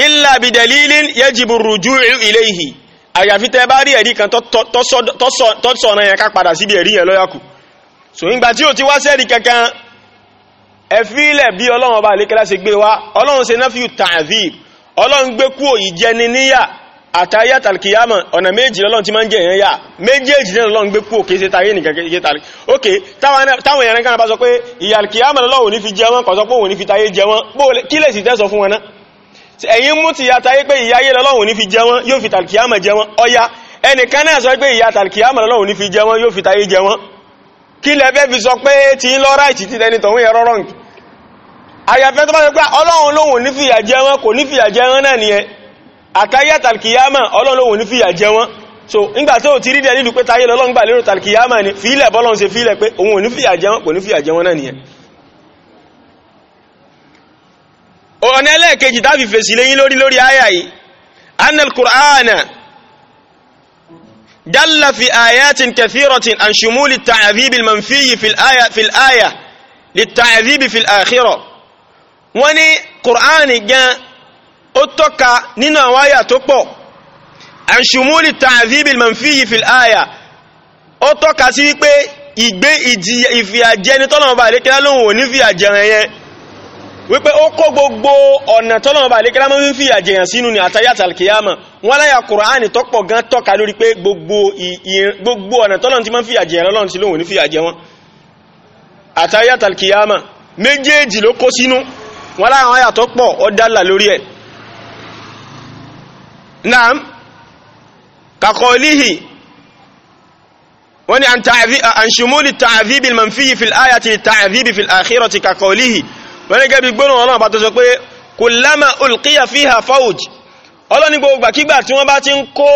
illa bi dalilin yajibu rujuu ilayhi àyàfi tẹ́ bá rí ẹ̀rí kan tó sọ̀nà yẹn ká padà síbi ẹ̀rí yẹn lọ́yàkù so ìgbà tí ó ti wá sẹ́rí kankan ẹ fílẹ̀ bí ọlọ́run ọba àlékẹ́lá ṣe gbé wá ọlọ́run ṣe náfíù ta'dhib ọlọ́run gbé kúò ìjẹni níyà àtàyà tàlkìyàmà ọ̀nà méjì lọ́lọ́n tí ma ń jẹ èèyàn yà méjèèjì náà lọ́n gbé kú òkè ṣe tàyè nìkan kéèké tàlì ok táwọn èèyàn kan bá sọ pé ìyàlkìyàmà lọ́wọ́ ní fi jẹ wọn kọ̀sọ́ pé òun ní fi tàyè jẹ wọn kí lè sì tẹ́sọ fún wọn náà ẹ̀yin mú ti yàtàyè pé ìyáyé lọ́wọ́ ní fi jẹ wọn yóò fi tàlkìyàmà jẹ wọn ọya ẹnìkan náà sọ pé ìyà tàlkìyàmà lọ́wọ́ ní fi jẹ wọn yóò fi tàyè jẹ wọn kí lẹ fẹ́ fi sọ pé tí ń lọ ráìtì ti tẹni tọ̀hún ẹ̀rọ rọ̀ǹkì àyàfẹ́ tó bá sọ pé ọlọ́run lóhùn ní fìyà jẹ wọn kò ní fìyà jẹ wọn náà nìyẹn àkáyà tàlkìyàmà ọlọ́lọ́wò ní fìyà jẹ wọ́n so nígbà tó ti rí dẹ̀ nílùú pé táyé lọ́lọ́gbà lérò tàlkìyàmà ni fílẹ̀ bọ́lọ́n ṣe fílẹ̀ pé òun ò ní fìyà jẹ wọ́n kò ní fìyà jẹ wọ́n náà nìyẹn ọ̀nà ẹlẹ́ẹ̀kejì tàbí fèsì lẹ́yìn lórí lórí àyà yìí annal qur'ana dalla fi ayatin kathiratin an shumuli ta'adhibi al-manfiyi fil aya fil aya lit ta'adhibi fil akhirah wani qur'ani gan ó tọ́ka nínú àwọn àyà tó pọ̀ àṣùmúlì tààzíbìl mọ̀fíyì fìl àyà ó tọ́ka sí wípé ìgbé ìfìyàjẹni tọ́lọ̀mọba àlékẹ́lá lóhun ò ní fìyàjẹ̀rẹ̀ yẹn wípé ó kó gbogbo ọ̀nà tọ́lọ̀mọba àlékẹ́lá mọ́ ń fìyàjẹ̀yàn sínú ni àtàyàtà alkiyama wọ́n láyà kùránì tọ́pọ̀ gan tọ́ka lórí pé gbogbo ọ̀nà tọ́lọ̀n ti mọ́ fìyàjẹ̀yàn lọ́lọ́n ti lóhun ní fìyàjẹ̀ wọn àtàyàtà méjèèjì ló kó sínú wọ́n láyà wọ́n yà tọ́pọ̀ ó dálà lórí ẹ̀ naam kakọlihi wọ́n ni an ṣimúlì ta'adhibi al-manfiyi fil ayati ta'adhibi fil akhirati kakọlihi wọ́n ni gẹ́bí gbónà ọlọ́run bá tó sọ pé kullama ulqiya fiha fawj ọlọ́ni gbogbo kígbà tí wọ́n bá ti ń kó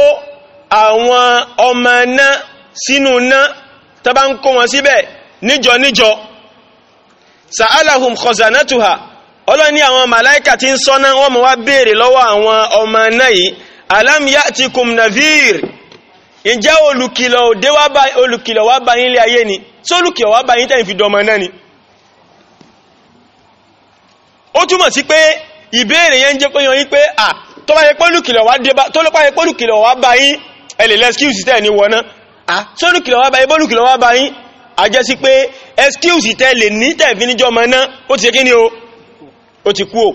àwọn ọmọ náà sínú náà tó bá ń kó wọn síbẹ̀ níjọ níjọ sa'alahum khazanatuha ọlọ́ni àwọn màláìkà ti ń sọ́nà wọ́n mọ̀ wá béèrè lọ́wọ́ àwọn ọmọ náà yìí alam ya'tikum nadhir ǹjẹ́ olùkìlọ̀ òdé wá bá olùkìlọ̀ wá bá yín lé ayé ni tí olùkìlọ̀ wá bá yín tẹ́yìn fi dọmọ náà ni ó túmọ̀ sí pé ìbéèrè yẹn jẹ́ pẹ́yàn yín pé à tó bá yẹ pọ́lùkìlọ̀ wá dé bá tó lọ́pàá yẹ pọ́lùkìlọ̀ wá ba yín ẹ̀lẹ̀ lẹ́skíùsì tẹ́ ní wọná à sólùkìlọ̀ wá bá yín pọ́lùkìlọ̀ wá bá yín àjẹ́ sí pé ẹskíùsì tẹ́ lè ní tẹ̀fíníjọ́ mọ́ náà o ó ti kú o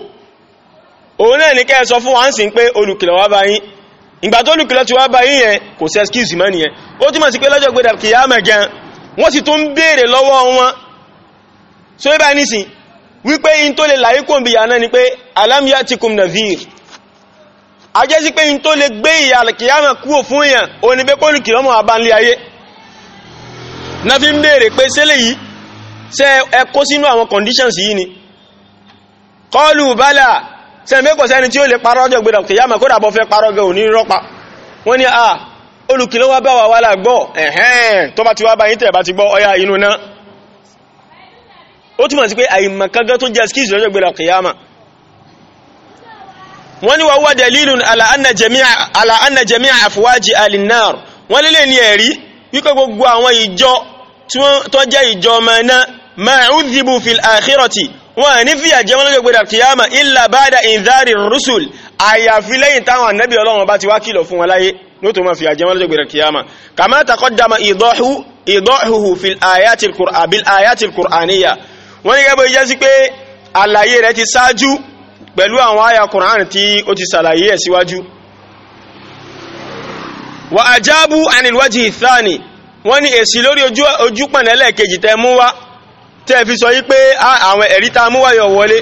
òun náà ní kẹ́ fún wa ń pé olùkìlọ̀ wá báyìí ìgbà tó olùkìlọ̀ ti wá báyìí yẹn kò sí excuse mọ́ nìyẹn ó túmọ̀ sí pé lọ́jọ́ gbé dàkì yá mẹ́gàn wọ́n sì tún lọ́wọ́ wọn so ẹ nísìn wípé in tó lè láyé kò ń bi yà náà ni pé alam a jẹ́ sí pé in tó lè gbé ìyà kìyàmà kúrò fún pé mọ̀ ń sẹ́mi kò sẹ́ni tí ó lè parọ́ ọjọ́ gbẹ̀dọ̀ kìyàmà kódà bọ́ fẹ́ parọ́ gan òní rọ́pa wọ́n ní à ah, olùkìlọ́ wá bá wà wà lágbọ́ ẹ̀hẹ́n tó bá ti wá bá yín tẹ̀ bá ti gbọ́ ọya inú náà ó túnmọ̀ sí pé àìmọ̀kángán tó jẹ́ skis lọ́jọ́ gbẹ̀dọ̀ kìyàmà wọ́n wọ́n lè ní ẹ̀rí wípé wọn ní fìyà jẹ wọn lọ́jọ́ gbẹ̀dà kìyàmà illa ba'da inzari rusul àyàfi lẹ́yìn táwọn ànábì ọlọ́run bá ti wá kìlọ̀ fún wọn láyé ní ó tó máa fìyà jẹ wọn lọ́jọ́ gbẹ̀dà kìyàmà kama taqaddama idahu fil ayatil qur'an bil ayatil gẹ́gbẹ́ jẹ́ sí pé àlàyé rẹ̀ ti ṣáájú pẹ̀lú àwọn àyà qur'an tí ó ti ṣàlàyé ẹ̀ síwájú wa ajabu anil wajhi thani wọ́n èsì lórí ojú pẹ̀lẹ́lẹ̀ kejì tẹ́ mú wá tẹ́ fi sọ yí pé àwọn ẹ̀rí tá a mú wáyọ̀ wọlé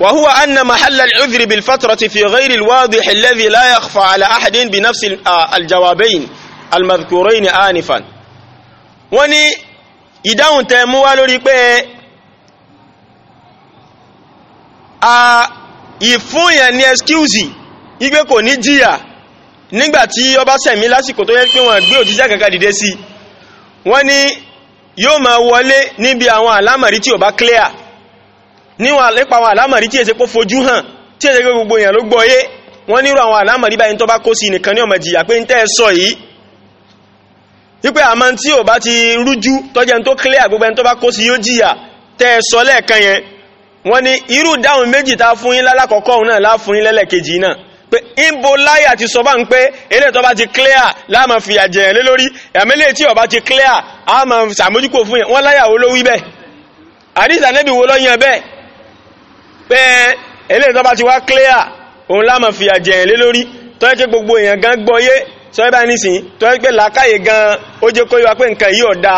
وهو أن محل العذر بالفترة في غير الواضح الذي لا يخفى على أحد بنفس الجوابين المذكورين آنفا wọ́n ní ìdáhùn tẹ́ mú wá lórí pé a ìfúnyàn ní ẹskíùsì igbe kò ní jíyà nígbàtí ó bá sẹ̀mí lásìkò tó yẹ pé wọ́n gbé òjíṣẹ́ kankan dìde sí wọ́n yóò máa wọlé níbi àwọn àlámọ̀rí tí ò bá clear níwọ̀n nípa àwọn àlámọ̀rí tí èsè pó fojú hàn tí èsè pé gbogbo èèyàn ló gbọ́yé wọ́n nírò àwọn àlámọ̀rí báyìí tó bá kó sí nìkan ní ọmọ jìyà pé ń tẹ́ ẹ sọ yìí wípé àmọ́ tí ò bá ti rújú tọ́jẹ́ tó clear gbogbo ẹni tó bá kó sí yóò jìyà tẹ́ sọ lẹ́ẹ̀kan yẹn wọ́n ní irú dáhùn méjì tá fún yín lálákọ̀ọ́kọ́ náà láfún yín lẹ́lẹ́kejì náà pé ìbò láyà ti sọ bá ń pé eléyìí tó bá ti clear láàmà fi àjẹyàn lé lórí ẹ̀mẹ́lẹ̀ tí ó bá ti clear a máa sàmójúkò fún yẹn wọ́n láyà wo ló wí bẹ́ẹ̀ àdìsá nẹ́bí wo lọ́yìn bẹ́ẹ̀ pé eléyìí tó bá ti wá clear òun láàmà fi àjẹyàn lé lórí tó yẹ kí gbogbo èèyàn gan gbọ́yé tó yẹ bá nísìn tó yẹ pé làákàyè gan ó jẹ́ kó yọ pé nǹkan yìí ọ̀dà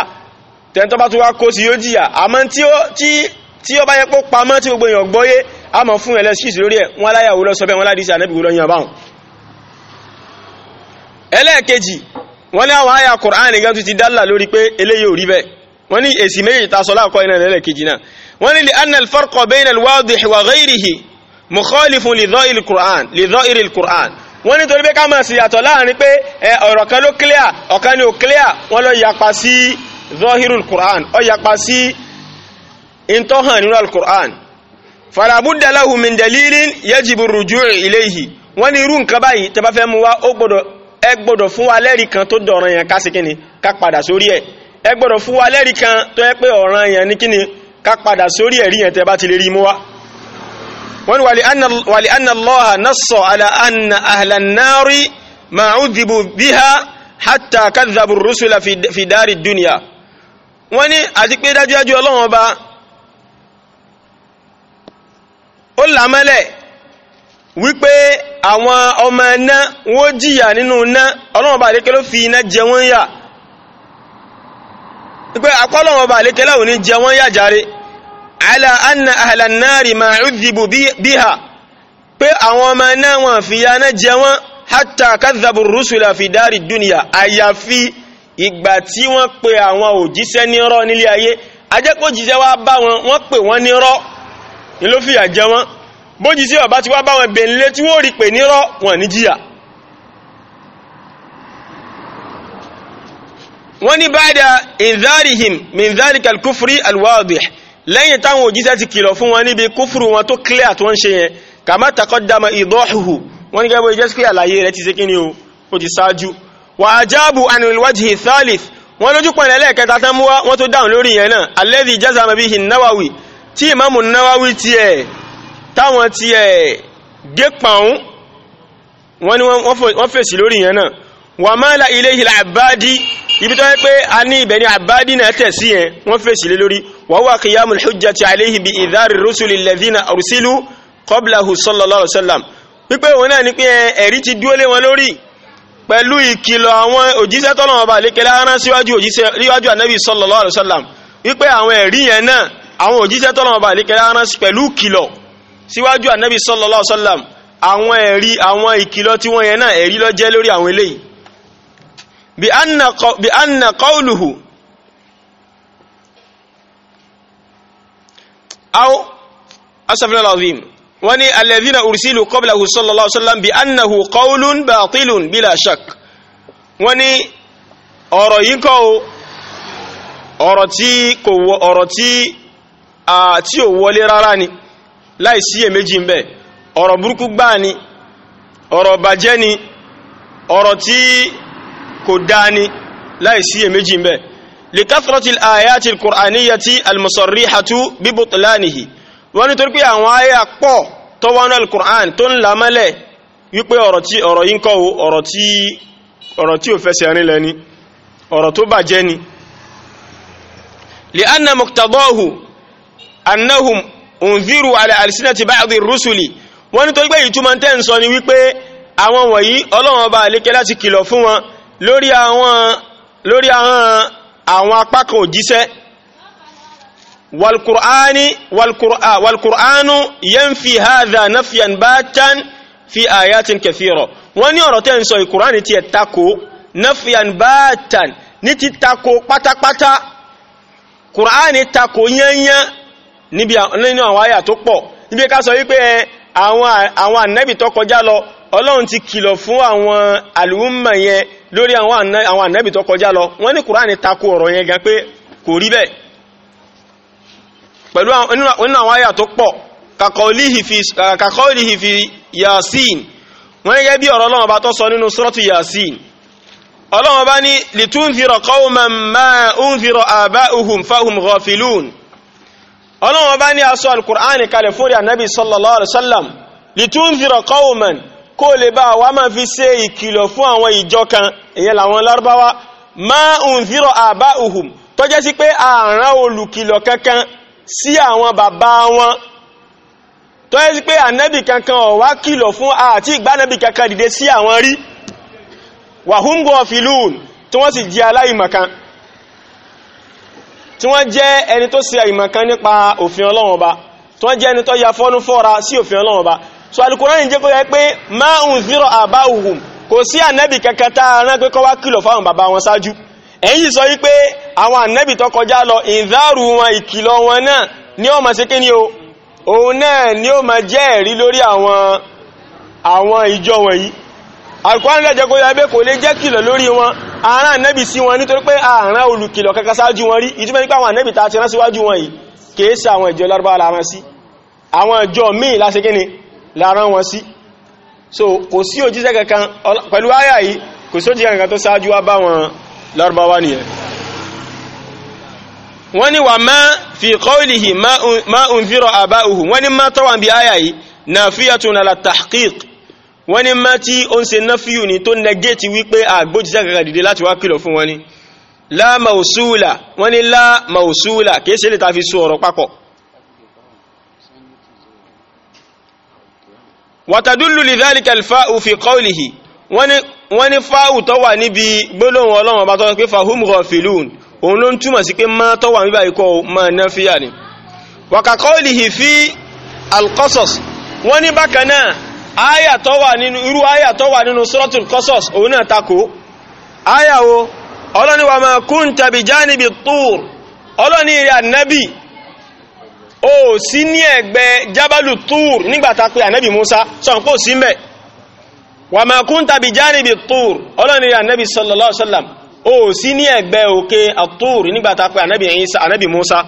tẹ́ntọ́ bá tún wá kó sí yóò jìyà àmọ́ tí tí ó bá yẹ kó pamọ́ tí gbogbo èèyàn gbọ́yé a mọ̀ fún ẹlẹ́sìsì lórí ẹ̀ wọ́n aláyàwó lọ sọ bẹ́ẹ̀ wọ́n ládìsí ànábì wọ́n lọ́yìn àbáhùn ẹlẹ́ẹ̀kejì wọ́n ní àwọn àyà kùránì gan tún ti dálà lórí pé eléyìí ò rí bẹ́ẹ̀ wọ́n ní èsì méjì ta sọ láàkọ́ iná ẹlẹ́ẹ̀kejì náà wọ́n ní li in tó hàn nínú al-Qur'an falabudda lahu min dalilin yajibu ruju'u ilayhi wọ́n ní irú nǹkan báyìí tẹ́ bá fẹ́ mú wá ó gbọ́dọ̀ ẹ gbọ́dọ̀ fún wa lẹ́rìí kan tó dọ̀ràn yẹn ká sí kíni ká padà sórí ẹ̀ ẹ gbọ́dọ̀ fún wa lẹ́rìí kan tó yẹ pé ọ̀ràn yẹn ní kíni ká padà sórí ẹ̀rí yẹn tẹ́ bá ti lè rí mú wá wọ́n ní wàlí annallaha nassa ala anna ahlan nari ma'udhibu biha hatta kadhabu rusula fi dari dunya wọ́n ní àti pé dájúdájú ó làmọ́lẹ̀ wípé àwọn ọmọ iná wọ́n jìyà nínú iná ọlọ́wọ́n bá lékelé fi iná jẹ wọ́n yà wípé akọ́lọ́wọ́n bá lékelé òní jẹ wọ́n yà jàre ala anna ahlan nari ma udhibu biha pé àwọn ọmọ iná wọn fi ya iná jẹ wọ́n hatta kadhabu rusula fi dari dunya àyàfi ìgbà tí wọ́n pe àwọn òjíṣẹ́ nírọ́ nílé ayé ajẹ́kọ̀ọ́ jíṣẹ́ wá bá wọn wọ́n pè wọ́n nírọ́ ni ló fìyà jẹ wọ́n bójí sí ọ̀bá ti wá báwọn bèèlé tí wó rí pè nírọ́ wọn ní jíyà wọ́n ní báyìí ìzárihim min zárika al-kufri al-wadih lẹ́yìn táwọn òjíṣẹ́ ti kìlọ̀ fún wọn níbi kúfùrù wọn tó clear tó ń ṣe yẹn kama taqaddama idahuhu wọ́n ní gẹ́gbẹ́ ìjẹ́sí pé àlàyé rẹ̀ ti ṣe kí ni ó ti ṣáájú wa ajabu anil wajhi thalith wọ́n lójú pọ̀nà ẹlẹ́ẹ̀kẹta tán mú wá wọ́n tó dáhùn lórí yẹn náà alladhi tí ìmáàmù náwáwí tiẹ̀ táwọn tiẹ̀ gé pàún wọ́n ni wọ́n fèsì lórí yẹn náà wà máa la ilé ìlà àbádí ibi tó yẹ pé a ní ibẹ̀ ni àbádí náà tẹ̀ sí yẹn wọ́n fèsì lé lórí wà wà qiyamul hujjati alayhi bi idhari rusuli alladhina arsilu qablahu sallallahu alayhi wa sallam wípé òun náà ni pé ẹ̀rí ti dúó lé wọn lórí pẹ̀lú ìkìlọ̀ àwọn òjíṣẹ́ tọ́lọ́wọ́n lékelé arán òjíṣẹ́ ríwájú ànábì sallallahu alayhi wa àwọn ẹ̀rí yẹn náà àwọn òjíṣẹ́ tọ́lọ̀mọba àlékẹ́lá rán pẹ̀lú kìlọ̀ síwájú ànábì sallallahu alaihi wasallam àwọn ẹ̀rí àwọn ìkìlọ̀ tí wọ́n yẹn náà ẹ̀rí ló jẹ́ lórí àwọn eléyìí bí anna qawluhu aw asafin alazim wọ́n ní alladhina ursilu qablahu sallallahu alaihi wasallam bí annahu qawlun batilun bila shak wọ́n ní ọ̀rọ̀ yìí kọ́ ọ̀rọ̀ tí tí ò wọlé rárá ni láì sí èméjì ń bẹ ọ̀rọ̀ burúkú gbáà ni ọ̀rọ̀ bàjẹ́ ni ọ̀rọ̀ tí kò dáa ni láì sí èméjì ń bẹ li kathrati al-ayati al-qur'aniyyati al-musarrihatu bi butlanihi wọ́n ní torí àwọn ayé pọ̀ tó wọnú al-qur'an tó ń lámọ́lẹ̀ wípé ọ̀rọ̀ tí ọ̀rọ̀ yí ń ọ̀rọ̀ tí ò fẹsẹ̀ rinlẹ̀ ni ọ̀rọ̀ tó bàjẹ́ ni li anna muqtadahu annahum unziru ala alsinati ba'di rusuli wọ́n ní tó gbé ìtumọ̀ tẹ́ ń sọ ni wípé àwọn wọ̀nyí ọlọ́wọ́n bá lékẹ́ láti kìlọ̀ fún wọn lórí àwọn lórí àwọn àwọn apákan òjíṣẹ́ walkur'ani walkur'anu yanfi hadha nafyan batan باتا، ayatin kathira wọ́n ní ọ̀rọ̀ tẹ́ ń sọ ìkùránì tí ẹ tako nafyan batan ní ti tako pátápátá níbi nínú àwọn àyà tó pọ̀ níbi ká sọ wípé àwọn ànẹ́bì tó kọjá lọ ọlọ́run ti kìlọ̀ fún àwọn àlùmọ̀ yẹn lórí àwọn ànẹ́bì tó kọjá lọ wọ́n ní kùránì tako ọ̀rọ̀ yẹn gan pé kò rí bẹ́ẹ̀ pẹ̀lú nínú àwọn àyà tó pọ̀ kàkọ́ọ̀lìhì fi yasin wọ́n ní gẹ́gẹ́ bí ọ̀rọ̀ ọlọ́run ọba tó sọ nínú suratu yasin ọlọ́run ọba ní litunzira qawman ma unzira aba'uhum fahum ghafilun ọlọ́run bá ní aṣọ alkùránì kalẹ̀ fún rí ànábì sallallahu alaihi wasallam litunzira qauman kó lè bá wa máa fi ṣe ìkìlọ̀ fún àwọn ìjọ kan ìyẹn làwọn lárúbáwá ma unzira aba'uhum tó jẹ́ sí pé àrán olùkìlọ̀ kankan sí àwọn bàbá wọn tó jẹ́ sí pé ànábì kankan ò wá kìlọ̀ fún àti ìgbànábì kankan dìde sí àwọn rí wahum ghafilun tí wọ́n sì jẹ́ aláìmọ̀kan tí wọ́n jẹ́ ẹni tó ṣe kan nípa òfin Ọlọ́run Ọba tí wọ́n jẹ́ ẹni tó ya fọ́nú fọ́ra sí òfin Ọlọ́run Ọba so Al-Qur'an jẹ́ kó yẹ ma unzira aba kò sí ànẹ́bì kankan tá a rán pé kọ́ wá kìlọ̀ fáwọn bàbá wọn ṣáájú ẹ̀yìn sọ àwọn ànẹ́bì tó kọjá lọ ìdárù ni ó máa ṣe kí ni ni ó máa jẹ́ ẹ̀rí lórí àwọn àwọn alkùnrin lẹ́jẹ́ kó yàgbé kò lè jẹ́ kìlọ̀ lórí wọn àárán nẹ́bì sí wọn nítorí pé àárán olùkìlọ̀ kankan sáájú wọn rí ìtumọ̀ nípa àwọn nẹ́bì tá a ti rán síwájú wọn yìí kìí sí àwọn ìjọ lárúbáwá láran sí so kò sí òjíṣẹ́ kankan pẹ̀lú àyà yìí kò sí òjíṣẹ́ kankan tó sáájú wá bá wọn lárúbáwá nìyẹn wọ́n ní wà má fi qawlihi má ń fírọ̀ àbá wọ́n ní má tí ó ń ṣe náfíù ní tó negate wípé àgbójíṣẹ́ kàkà láti wá kìlọ̀ fún wọn ni la mausula wọ́n ní la mausula kìí ṣe lè ta fi sọ ọ̀rọ̀ papọ̀ watadullu lidhalika alfa'u fi qawlihi wọ́n ní fáwù tó wà níbi gbólóhùn ọlọ́wọ̀n bá tọ́ pé fahum ghafilun ni wa ka qawlihi fi alqasas aya tó wà nínú irú aya tó wà nínú suratul qasas òun náà takò aya wo ọlọ́ni wa ma kunta bi janibi tur ọlọ́ni ìrìn ànábì ó sí ní ẹ̀gbẹ́ jábálù tur nígbàtà pé ànábì musa sọ pé ó sí mbẹ̀ wa ma kunta bi janibi tur ọlọ́ni ìrìn ànábì sallallahu alaihi wasallam ó sí ní ẹ̀gbẹ́ òkè àtur nígbàtà pé ànábì musa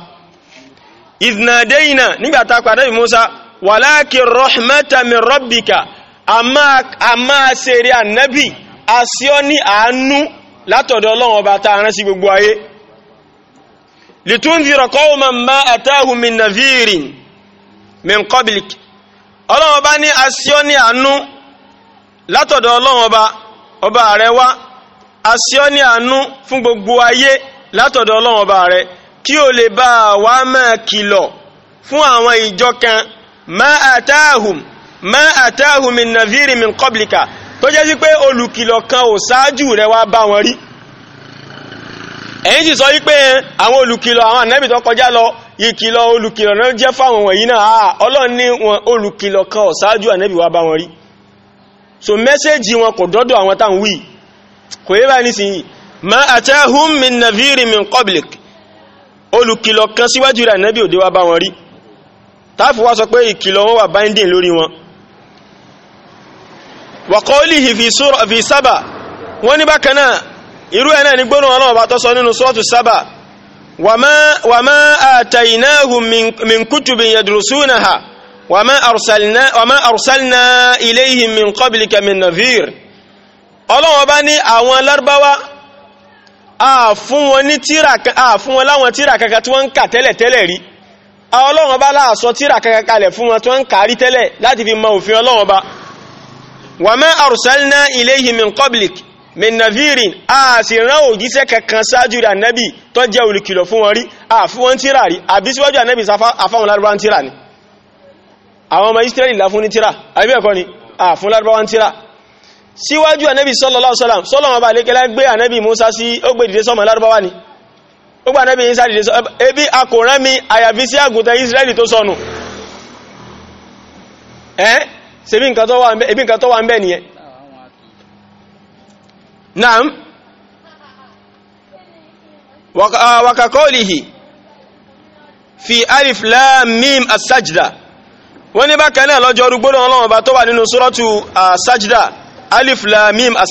idh nadayna nígbàtà pé ànábì musa walakin rahmatan min rabbika a máa ṣe rí ànábì a anu ọ ní àánú látọ̀dọ̀ ọlọ́run ọba tá a rán sí gbogbo ayé litunzira qawman ma atahum min nadhirin min qablik ọlọ́run ọba ní a sí ọ ní àánú látọ̀dọ̀ ọlọ́run ọba ọba rẹ wá a sí gbogbo ayé látọ̀dọ̀ ọlọ́run ọba rẹ kí o lè bá wa máa kìlọ̀ fún àwọn ìjọ kan ma àtàhùn ma àtàhùn min nàfíìrì min kọ́blìkà tó jẹ́ sí pé olùkìlọ̀ kan ò ṣáájú rẹ̀ wá bá wọn rí ẹ̀yin sì sọ wípé àwọn olùkìlọ̀ àwọn ànábì tó kọjá lọ ìkìlọ̀ olùkìlọ̀ náà jẹ́ fáwọn wọ̀nyí náà ọlọ́run ní wọn olùkìlọ̀ kan ò ṣáájú ànábì wá bá wọn rí so mẹ́sẹ́jì wọn kò dọ́dọ̀ àwọn táwọn wí kò yé báyìí nísìnyí ma àtàhùn min nàfíìrì min kọ́blìkà olùkìlọ̀ kan síwájú rẹ̀ ànábì òde wá bá wọn rí táàfù wá sọ pé ìkìlọ̀ wọn wà binding lórí wọn wa qawlihi fi sura fi sábà wọ́n ní bákan náà irú ẹ̀ náà ní gbóná ọlọ́wọ́ bá tọ́ sọ nínú suratu sábà wa ma ataynahum min kutubin yadrusunaha wa ma arsalna wa ma arsalna ilayhim min ọlọ́wọ́ bá ní àwọn lárúbáwá a wọn láwọn tíra kankan tí wọ́n ń kà tẹ́lẹ̀tẹ́lẹ̀ rí ọlọ́run bá láàsọ tíra kankan kalẹ̀ fún wọn tó ń kàárí tẹ́lẹ̀ láti fi mọ òfin ọlọ́run bá wa ma arsalna ilayhi min qablik min a sì rán òjíṣẹ́ kankan sáájú rẹ̀ ànábì tó jẹ́ olùkìlọ̀ fún wọn rí a fún wọn tíra rí àbí síwájú ànábì àfáwọn lárúbáwá tíra ni àwọn ọmọ israẹli tíra a fún lárúbáwá tíra síwájú ànábì sallallahu alaihi wasallam sọ́lọ́wọ́n bá lékelá gbé ànábì musa sí ó gbé ni ó gbà nẹ́bí Ìsá dìde sọ ebi a kò rán mi àyàfi sí àgùntàn Israẹli tó sọnù ẹ́ ṣe bí nǹkan tó wà ń bẹ nìyẹn naam wakakọ́lìhì fi alif lam mim as-sajda wọ́n ní bákan náà lọ́jọ́ orúgbónà ọlọ́wọ́n bá tó wà nínú suratu as-sajda alif lam mim as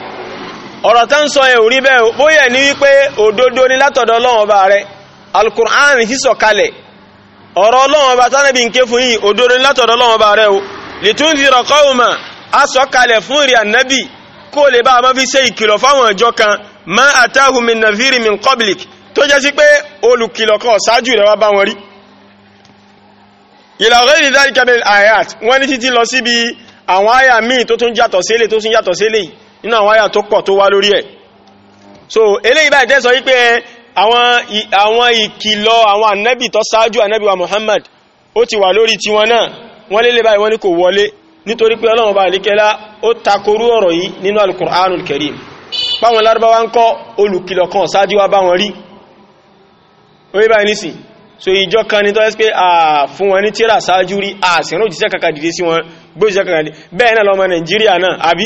ọ̀rọ̀ tá ń sọ ẹ̀ orí bẹ́ẹ̀ bóyẹ̀ ní wípé òdodo ni látọ̀dọ̀ ọlọ́wọ́n ọba rẹ alukur'an sísọ kalẹ̀ ọ̀rọ̀ ọlọ́wọ́n ọba tánàbí nké fún yìí òdodo ni látọ̀dọ̀ ọlọ́wọ́n ọba rẹ o litunzira qawma asọ kalẹ̀ fún ìrìn ànábì kó lè bá a máa fi ṣe ìkìlọ̀ fáwọn ìjọ kan ma atahum min nadhiri min qablik tó jẹ́ sí pé olùkìlọ̀ kan ṣáájú rẹ̀ wá bá wọn rí ila ghayri dhalika min ayat wọ́n ní nínú àwọn àyà tó pọ̀ tó wá lórí ẹ̀ so eléyìí báyìí tẹ́ sọ wípé àwọn ìkìlọ̀ àwọn ànábì tó ṣáájú ànábì wa Muhammad ó ti wà lórí tiwọn náà wọ́n lélẹ̀ báyìí wọ́n ní kò wọlé nítorí pé ọlọ́run bá àlékẹ́lá ó takorú ọ̀rọ̀ yìí nínú al-Qur'anul Karim páwọn lárúbáwá ń kọ́ olùkìlọ̀ kan ṣáájú wa bá wọn rí orí báyìí nísìn so ìjọ kan ní tó ẹ́sì pé à fún wọn ní tíra ṣáájú rí àsìrò òjíṣẹ́ kankan dìde sí wọn gbójíṣẹ́ kankan dìde bẹ́ẹ̀ náà lọ́mọ Nàìjíríà náà àbí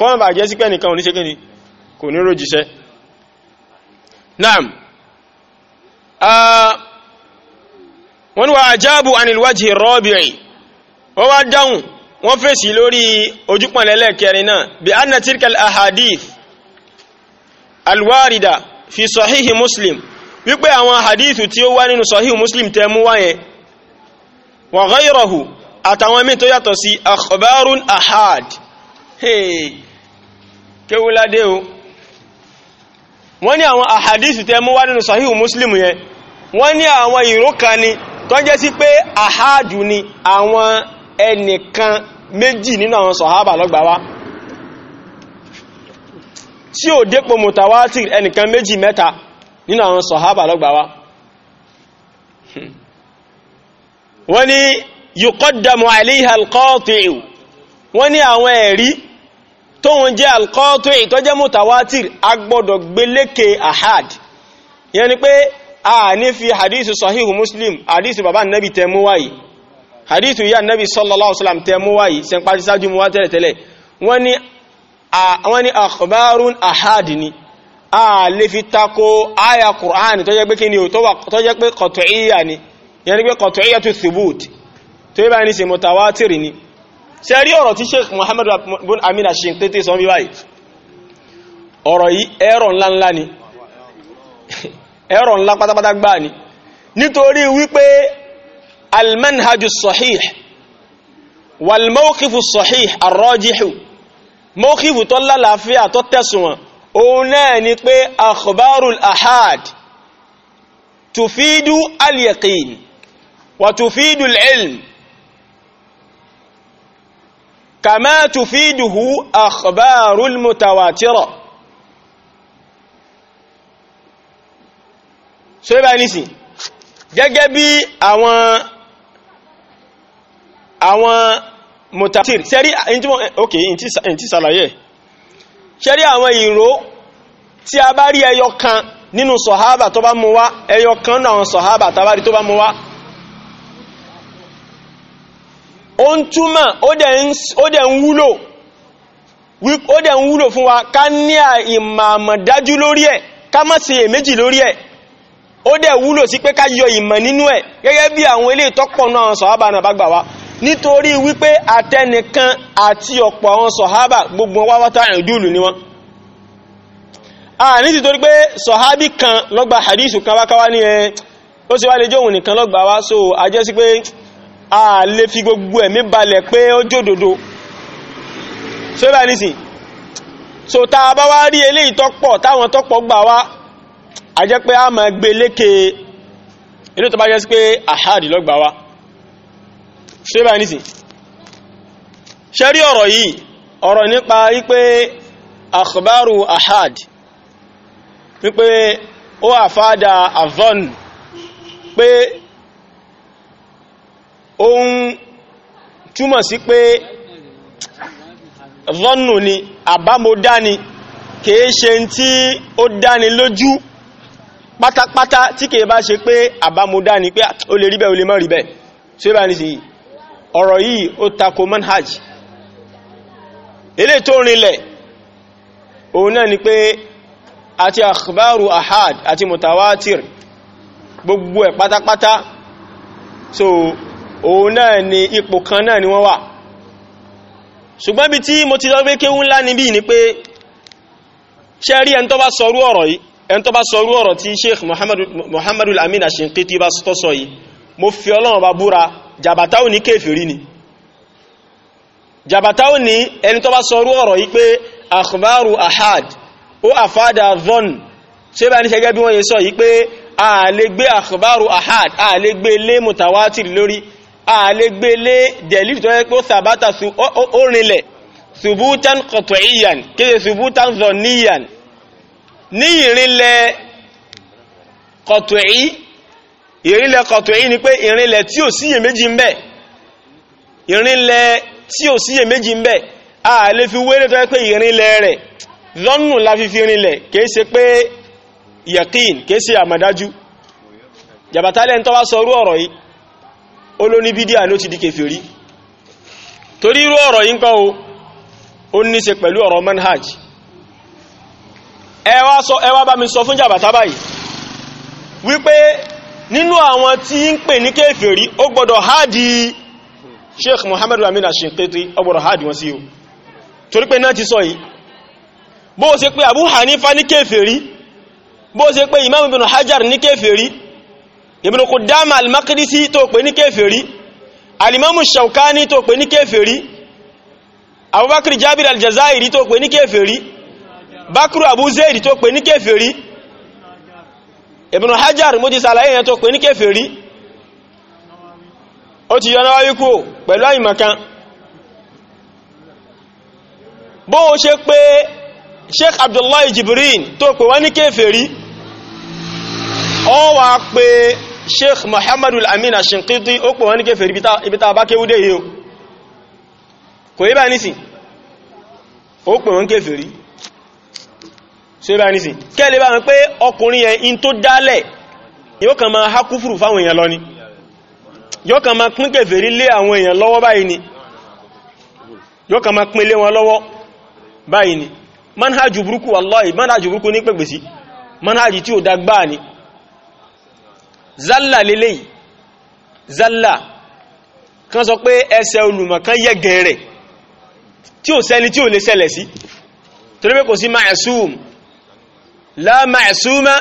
kọ́mọ̀ bà jẹ́ sí pẹ́ nìkan oníṣẹ́ kí ni kò ní rójíṣẹ́ naam wọ́n wá ajábù anìlwájì rọ́bìrì wọ́n wá dáhùn wọ́n fèsì lórí ojúpọ̀lẹ́lẹ̀ kẹrin náà bí anna tilkal ahadith alwarida fi sahihi muslim wípé àwọn hadithu tí ó wá nínú sahihi muslim tẹ wáyẹn wa ghayrahu àtàwọn mí tó yàtọ̀ sí akhbarun ahad hey kéwúládé o wọ́n ní àwọn àhàdìsù tẹ́ mú wá nínú sahihu muslim yẹn wọ́n ní àwọn ìrókà ni tó jẹ́ sí pé àhádù ni àwọn ẹnìkan méjì nínú àwọn sọ̀hábà lọ́gbà wá tí ò dépò mutawatir ẹnìkan méjì mẹ́ta nínú àwọn sọ̀hábà lọ́gbà wá wọ́n ní yíkọ́dàmù àìlíhàl qati'u wọ́n ní àwọn ẹ̀rí tóun jẹ́ alkọ́tù ìtọ́jẹ́ mutawatir agbọ́dọ̀ gbélékè ahad yẹn ni pé a ní fi hadithu sahihu muslim hadithu baba nabi tẹmuwayi hadithu ya nabi sallallahu ala'uwasalam tẹmuwayi sẹ n parí sáájú muwa tẹ́lẹ̀tẹ́lẹ̀ wọ́n ni akhbarun ahad ni a lè fi tako aya Qur'an tó jẹ́ pé kí ni o tó jẹ́ pé kọ̀tọ̀íyà ni yẹn ni pé kọ̀tọ̀íyà tó thubut tó yẹ bá ní ṣe mutawatir ni ṣe rí ọ̀rọ̀ tí sheikh muhammad bin amin ashinqiti sọ bí báyìí ọ̀rọ̀ yìí ẹ̀rọ ńlá ńlá ni ẹ̀rọ ńlá pátápátá gbáà ni nítorí wípé almanhaju sahih walmawkifu sahih arrajihu mawkifu tó lálàáfíà tó tẹ̀sùnwọ̀n òun náà ni pé akhbarul ahad tufidu al wa tufidu al kama tufiduhu akhbarul mutawatira so ẹ bá nísìn gẹ́gẹ́ bí àwọn àwọn mutawatir sẹ́rí ok in ti sàlàyé sẹ́rí àwọn ìró tí a bá rí ẹyọ kan nínú sọ̀hábà tó bá mú wá ẹyọ kan náà sọ̀hábà tàbárí tó bá mú wá ó ń túmọ̀ ó dẹ̀ ń wúlò ó dẹ̀ ń wúlò fún wa ká ní ìmàmà dájú lórí ẹ̀ ká má ṣe èméjì lórí ẹ̀ ó dẹ̀ wúlò sí pé ká yọ ìmọ̀ nínú ẹ̀ gẹ́gẹ́ bí àwọn ilé ìtọ́pọ̀nà sọ̀hábà náà bá gbà wá nítorí wípé àtẹnìkan àti ọ̀pọ̀ àwọn sọ̀hábà gbogbo wá wátá ìdúlù ni a ní ti torí kan lọ́gbà hadithu kan ẹ ó sì wá lè nìkan lọ́gbà wá so a pé a lè fi gbogbo ẹ̀mí balẹ̀ pé ó jódodo so bá nísìn so tá a bá wá rí eléyìí tọ́pọ̀ táwọn tọ́pọ̀ gbà wá a jẹ́ pé a máa gbé e lékè inú tó bá jẹ́ sí pé àhádì lọ́gbà wá so bá nísìn ṣe rí ọ̀rọ̀ yìí ọ̀rọ̀ nípa wípé akhbaru ahad wípé ó àfádà avon pé ohun túmọ̀ sí pé rọ́nù ni àbámọ́dá ni kìí ṣe tí ó dáni lójú pátápátá tí kìí bá ṣe pé àbámọ́dá ni pé ó lè rí bẹ́ẹ̀ ó lè má rí bẹ́ẹ̀ tí ó bá ní sí ọ̀rọ̀ yìí ó tako manhaj ilé tó rinlẹ̀ òun náà ni pé àti akhbaru ahad àti mutawatir gbogbo ẹ̀ pátápátá so òun náà ni ipò kan náà ni wọ́n wà ṣùgbọ́n bí tí mo ti lọ gbé kéwú ńlá níbí ni pé ṣe rí ẹni tó bá sọrú ọ̀rọ̀ yìí ẹni tó bá sọrú ọ̀rọ̀ tí Sheikh Muhammadul Amin Ashinqiti bá tó sọ yìí mo fi Ọlọ́run bá búra jàbátá ò ní kèfèrí ni jàbátá ò ní ẹni tó bá sọrú ọ̀rọ̀ yìí pé akhbaru ahad ó àfádà zon ṣé bá ní ṣẹgẹ́ bí wọ́n yẹ sọ yìí pé a lè akhbaru ahad a lè gbé lé mutawatir lórí àlégbélé dẹ̀lílì tó yẹ pé ó sàbátà ó rinlẹ̀ ṣubútan kọ̀tọ̀íyàn kéde ṣubútan zọ̀níyàn ní ìrìnlẹ̀ kọ̀tọ̀í ìrìnlẹ̀ kọ̀tọ̀í ni pé ìrìnlẹ̀ tí ò síyè méjì ń bẹ ìrìnlẹ̀ tí ò síyè méjì ń bẹ àlè fi wéré tó yẹ pé ìrìnlẹ̀ rẹ̀ zọ́nù la fi fi rinlẹ̀ kìí ṣe pé yẹ̀kín kìí ṣe àmọ̀dájú jàbátálẹ̀ ń tọ́wá sọ orú ọ̀rọ̀ yìí olóní bídíà ní ó ti di kèfèrí torí irú ọ̀rọ̀ yí ń kọ́ o ó ní ṣe pẹ̀lú ọ̀rọ̀ manhaj ẹ wá sọ ẹ wá bá mi sọ fún jàbàtà báyìí wípé nínú àwọn tí ń pè ní kèfèrí ó gbọ́dọ̀ hádi Sheikh Mohamed Aminu Ashinkiti ó gbọ́dọ̀ hádi wọn sí o torí pé náà ti sọ yìí bó ṣe pé Abu Hanifa ní kèfèrí bó ṣe pé Imam Ibn Hajar ní kèfèrí Ibn Qudama al-Maqdisi tó pè ní kéfèrí alimamu Shawkani tó pè ní kéfèrí Abubakar Jabir al-Jazairi tó pè ní kéfèrí Bakru Abu Zaid tó pè ní kéfèrí Ibn Hajar mo ti ṣàlàyé yẹn tó pè ní kéfèrí ó ti yọ náwáyé kú pẹ̀lú àìmọ̀kan bóhun ṣe pé Sheikh Abdullahi Jibrin tó pè wọ́n ní kéfèrí ó pé sheikh muhammadu al-amin ashinkiti ó pọ̀ wọ́n ní kèfèrí ibi ta bá kéwúdé yìí o kò yí bá nísìn ó pọ̀ wọ́n kèfèrí ṣe bá nísìn kẹ́lẹ̀ bá wọn pé ọkùnrin yẹn in tó dálẹ̀ yóò kàn máa hákúfùrù fáwọn èèyàn lọ ni yóò kàn máa pín kèfèrí lé àwọn èèyàn lọ́wọ́ báyìí ni yóò kàn máa pín lé wọn lọ́wọ́ báyìí ni manhajù burúkú wallahi manhajù burúkú ní pẹ̀gbèsí manhajì tí ó dagbáà ni zalla lélẹ́yìí zalla kan sọ pé ẹsẹ̀ olùmọ̀kan yẹ́gẹ̀ rẹ̀ tí ò sẹ́ni tí ò lè ṣẹlẹ̀ sí torí pé kò sí ma'asum la ma ma'asuma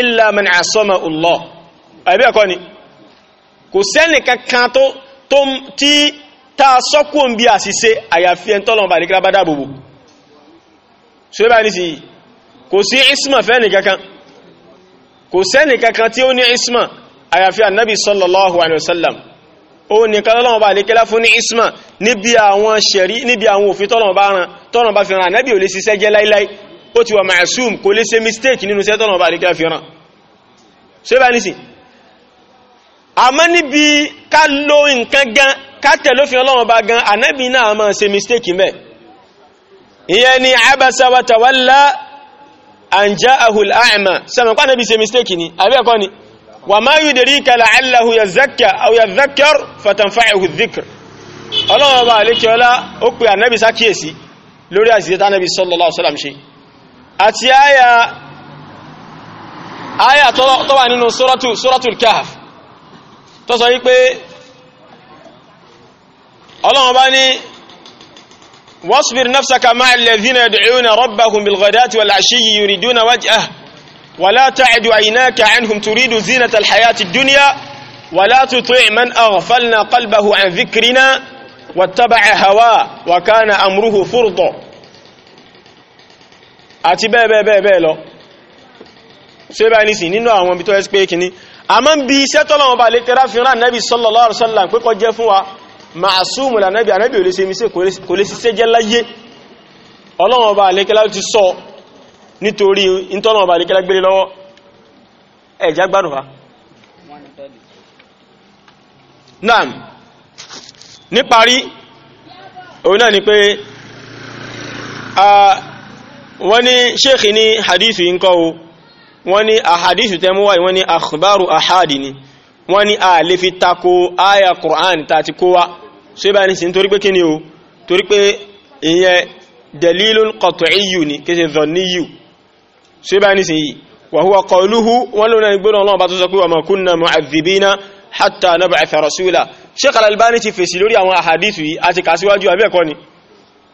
illa man asama Allah àbí ẹ̀kọ́ ni kò sẹ́ni kankan tó tó tí tá sọ́kù ń bí àṣìṣe àyàfi ẹn tọ́lọ̀ bàdíkà bá dáàbòbò so ibà ní sí kò sí isma fẹ́ nìkankan kò sẹ́ni kankan tí ó ní isma àyàfi annabi sallallahu alaihi wasallam ó ní kálọ́lọ́wọ́ bá lékẹ́lá fún ní isma níbi àwọn ṣẹ̀rí níbi àwọn òfin tọ́lọ̀ bá ran tọ́lọ̀ bá fi ran annabi ò lè ṣiṣẹ́ jẹ́ láíláí ó ti wà ma'asum kò lè ṣe mistake nínú iṣẹ́ tọ́lọ̀ bá lékẹ́lá fi ran ṣé bá nísìn àmọ́ níbi ká lo nǹkan gan ká tẹ̀lé òfin Ọlọ́run bá gan annabi náà máa ṣe mistake mẹ́ ìyẹn ni abasa wa an ja'ahu al'a'ma sama kwa nabi ṣe mistake ni abi ko ni wa ma yudrika la'allahu yazakka aw yadhakkar fatanfa'uhu adh-dhikr Ọlọ́run ba le kiola ó pè anabi ṣàkíyèsí lórí asise ta nabi sallallahu alaihi wasallam ṣe àti aya aya tó tó wà nínú suratu suratul kahf tó sọ yi pé Ọlọ́run ba ni واصبر نفسك مع الذين يدعون ربهم بالغداة والعشي يريدون وجهه ولا تعد عيناك عنهم تريد زينة الحياة الدنيا ولا تطيع من أغفلنا قلبه عن ذكرنا واتبع هواه وكان أمره فرطا àti bẹ́ẹ̀ bẹ́ẹ̀ bẹ́ẹ̀ bẹ́ẹ̀ lọ ṣe bá ní sí nínú àwọn ibi tó ẹ́sì pé kìíní a máa ń bí iṣẹ́ tọ́lọ̀wọ́ bá lè kẹ́rà fi rán nẹ́bí sallallahu alaihi wasallam jẹ́ fún wa màásùmù lànàbí ànàbí ò lè ṣe mísẹ́ kò lè ṣiṣẹ́ jẹ́ láyé ọlọ́run ọba àlékẹ́lá ti sọ nítorí ìtọ́nà ọba àlékẹ́lá gbélé lọ́wọ́ ẹ̀já gbádùn wa náà níparí òun náà ni pé wọ́n ní ṣéèkì ní hadithu yí ń o wọ́n ní àhadithu tẹ́múwà wọ́n ní àkùbárù ni wọ́n ní a lè fi tako aya Qur'an tàti kówá so ibá ní sin torí pé kí ni o torí pé ìyẹn dalilun qat'iyyu ni kí ṣe dhanniyyu so ibá ní sin yìí wa huwa qawluhu wọn lónà ìgbónà ọlọ́run bá tó sọ pé wa ma kunna mu'adhdhibina hatta nab'atha rasula Sheikh Al-Albani ti fèsì lórí àwọn àhàdìsù yìí àti kàsíwájú abẹ́ẹ̀kọ́ ni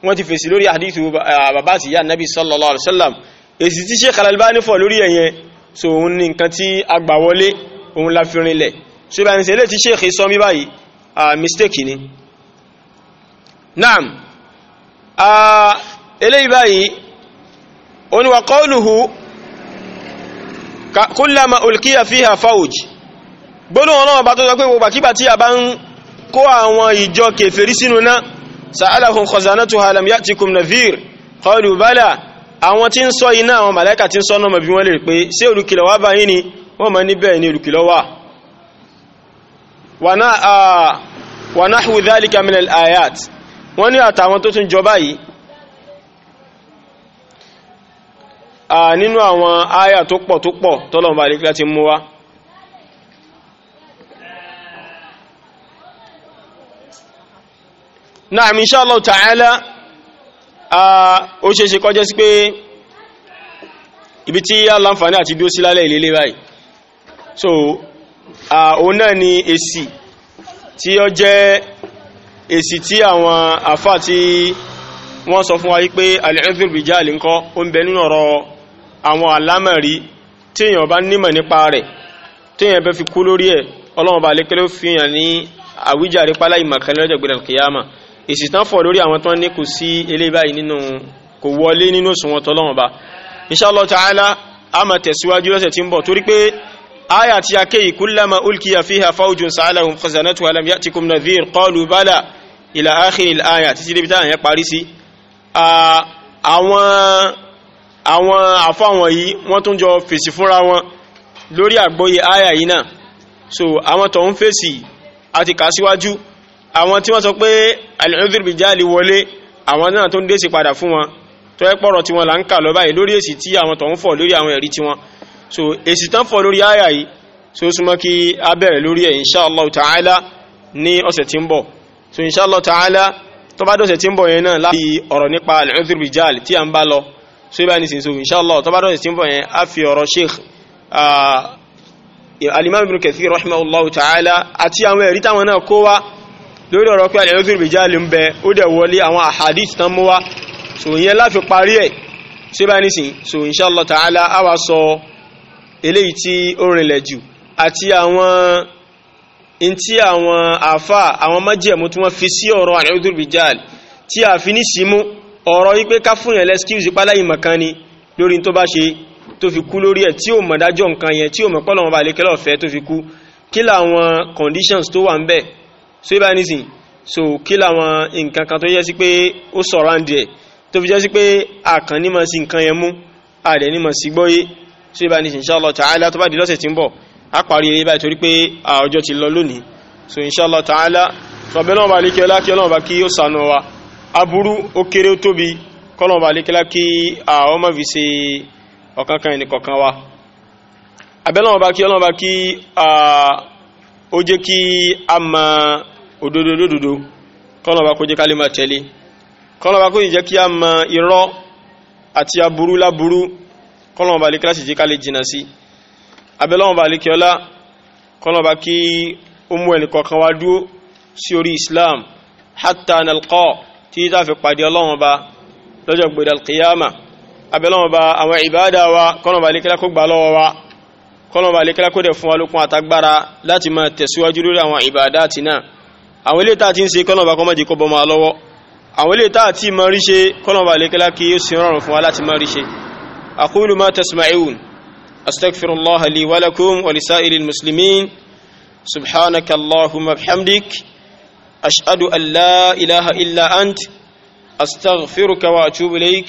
wọ́n ti fèsì lórí àhàdìsù uh, bàbá báyìí uh, mistake ni naam eléyìí báyìí ó ní wa qawluhu kullama ulqiya fiha fawj gbólóhùn ọlọ́wọ́ bá tó sọ pé gbogbo àkíbà tí a bá ń kó àwọn ìjọ kèfèrí sínú náà sa'alahum khazanatuha lam ya'tikum nadhir qalu bala àwọn tí ń sọ iná àwọn màláíkà tí ń sọ náà bí wọ́n lè pé ṣé olùkìlọ̀ wá báyìí ni wọ́n ma ní bẹ́ẹ̀ ni olùkìlọ̀ wà wa nahwu dhalika min al-ayat wọ́n ní àtàwọn tó tún jọba yìí à nínú àwọn áyà tó pọ̀ tó pọ̀ tọ́lọ̀mù bá ti mú wá na'am insha Allah ta'ala ó ṣe ṣe kọjẹ́ sí pé ibi tí yá láǹfàní àti bí ó sí lálẹ́ ìlélé báyìí so òun náà ni èsì tí ó jẹ́ èsì tí àwọn àfà tí wọ́n sọ fún wa wípé al-udhr bi jahl ńkọ́ ó ń bẹ nínú ọ̀rọ̀ àwọn alámẹ̀rí tí èèyàn bá nímọ̀ nípa rẹ̀ tí èèyàn bẹ fi kú lórí ẹ̀ ọlọ́run bá lékẹ́lẹ́ fi hàn ní àwíjàre pálá ìmọ̀kan lọ́jọ́ gbẹ̀rẹ̀ kìyàmà èsì tán fọ̀ lórí àwọn tó ń ní kò sí eléyìí báyìí nínú kò wọlé nínú òṣùwọ̀n tọ́lọ́run bá inshallah ta'ala a máa tẹ̀síwájú lọ́sẹ̀ tí ń bọ̀ torí pé aya tí a kéyì kullama ulkiya fiha faujun sa'alahum khazanatu alam ya'tikum nadhir qalu bala ila akhiril aya títí débi táyà yẹn parí sí àwọn àwọn àfáwọn yìí wọ́n tún jọ fèsì fúnra wọn lórí àgbóyé aya yìí náà so àwọn tó ń fèsì àti kà síwájú àwọn tí wọ́n sọ pé al-udhr bi jali wọlé àwọn náà tó ń dé sí padà fún wọn tó ẹ́ pọ̀rọ̀ tí wọ́n là ń kà lọ báyìí lórí èsì tí àwọn tó ń fọ̀ lórí àwọn ẹ̀rí tí so èsì tán fọ́ lórí àyà yìí so súnmọ́ kí a bẹ̀rẹ̀ lórí ẹ̀ inṣáàlọ́ ta'ala ní ọ̀sẹ̀ tí ń bọ̀ so inṣáàlọ́ ta'ala tó bá dọ̀sẹ̀ tí ń bọ̀ yẹn náà láti ọ̀rọ̀ nípa al-udhr rijal tí a ń bá lọ so ibà ní sinso inṣáàlọ́ tó bá dọ̀sẹ̀ tí ń bọ̀ yẹn a fi ọ̀rọ̀ sheikh alimam ibn kathir rahimahullahu ta'ala àti àwọn ẹ̀rí táwọn láfi parí ẹ̀ so ibà ní so inṣáàlọ́ ta'ala a eléyìí tí ó rinlẹ̀ jù àti àwọn ntí àwọn àfà àwọn májẹ̀mú tí wọ́n fi sí ọ̀rọ̀ àríwíjúbìjáàlì tí a fi ní símú ọ̀rọ̀ wípé ká fún yẹn lẹ́skíwìsì páláyìmọ̀ kan ni lórí tó bá ṣe tó fi kú lórí ẹ̀ tí ó mọ̀ dájọ́ nǹkan yẹn tí ó mọ̀ pọ́lọ̀ wọn bá lékẹ́lọ́ fẹ́ tó fi kú kí làwọn conditions tó wà ń bẹ̀ so ibà nísìn so kí làwọn nǹkan kan tó yẹ sí pé ó sọ̀rọ̀ àǹdí ẹ̀ tó fi jẹ́ sí pé àkànnímọ̀ sí nǹkan yẹn mú àdẹ̀nímọ̀ sí gbọ́yé so ibà ní inshallah ta'ala tó bá di lọ́sẹ̀ tí ń bọ̀ a parí so inshallah ta'ala sọ̀bẹ́ náà bá lékẹ́ lákí ọlọ́run bá kí ó sànú wa aburú ó kéré ó tóbi kọ́lọ́run bá lékẹ́ lákí àwọn wa abẹ́lọ́run bá kí ọlọ́run bá a mọ òdodo lódodo kọ́lọ́run bá kó jẹ́ ká lè máa tẹ̀lé kọ́lọ́run bá kó jẹ́ kí a mọ irọ́ kọ́lọ́wọ́n bá alékíọ́lá sì jí ká lè jìnà sí abẹ́lọ́wọ́n bá alékíọ́lá kọ́lọ́wọ́n bá kí ó mú ẹnì kọ̀ọ̀kan wá dúró sí orí Islam hatta nalqa tí tá fi pàdé ọlọ́wọ́n bá lọ́jọ́ gbèrè alqiyama abẹ́lọ́wọ́n bá àwọn ìbáàdà wa kọ́lọ́wọ́n bá alékíọ́lá kó gbà lọ́wọ́ wa kọ́lọ́wọ́n bá alékíọ́lá kó dẹ̀ fún wa lókun àtagbára láti máa tẹ̀síwájú lórí àwọn ìbáàdà àti náà àwọn ilé tá a ti ń ṣe kọ́lọ́wọ́n bá kọ́mọ́dé kó bọ́ kí ó sì rọrùn fún wa láti máa rí أقول ما تسمعون أستغفر الله لي ولكم ولسائر المسلمين سبحانك اللهم بحمدك أشهد أن لا إله إلا أنت أستغفرك وأتوب إليك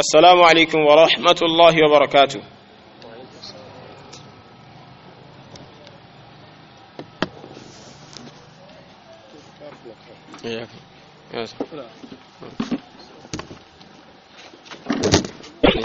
السلام عليكم ورحمة الله وبركاته Yeah. Yes.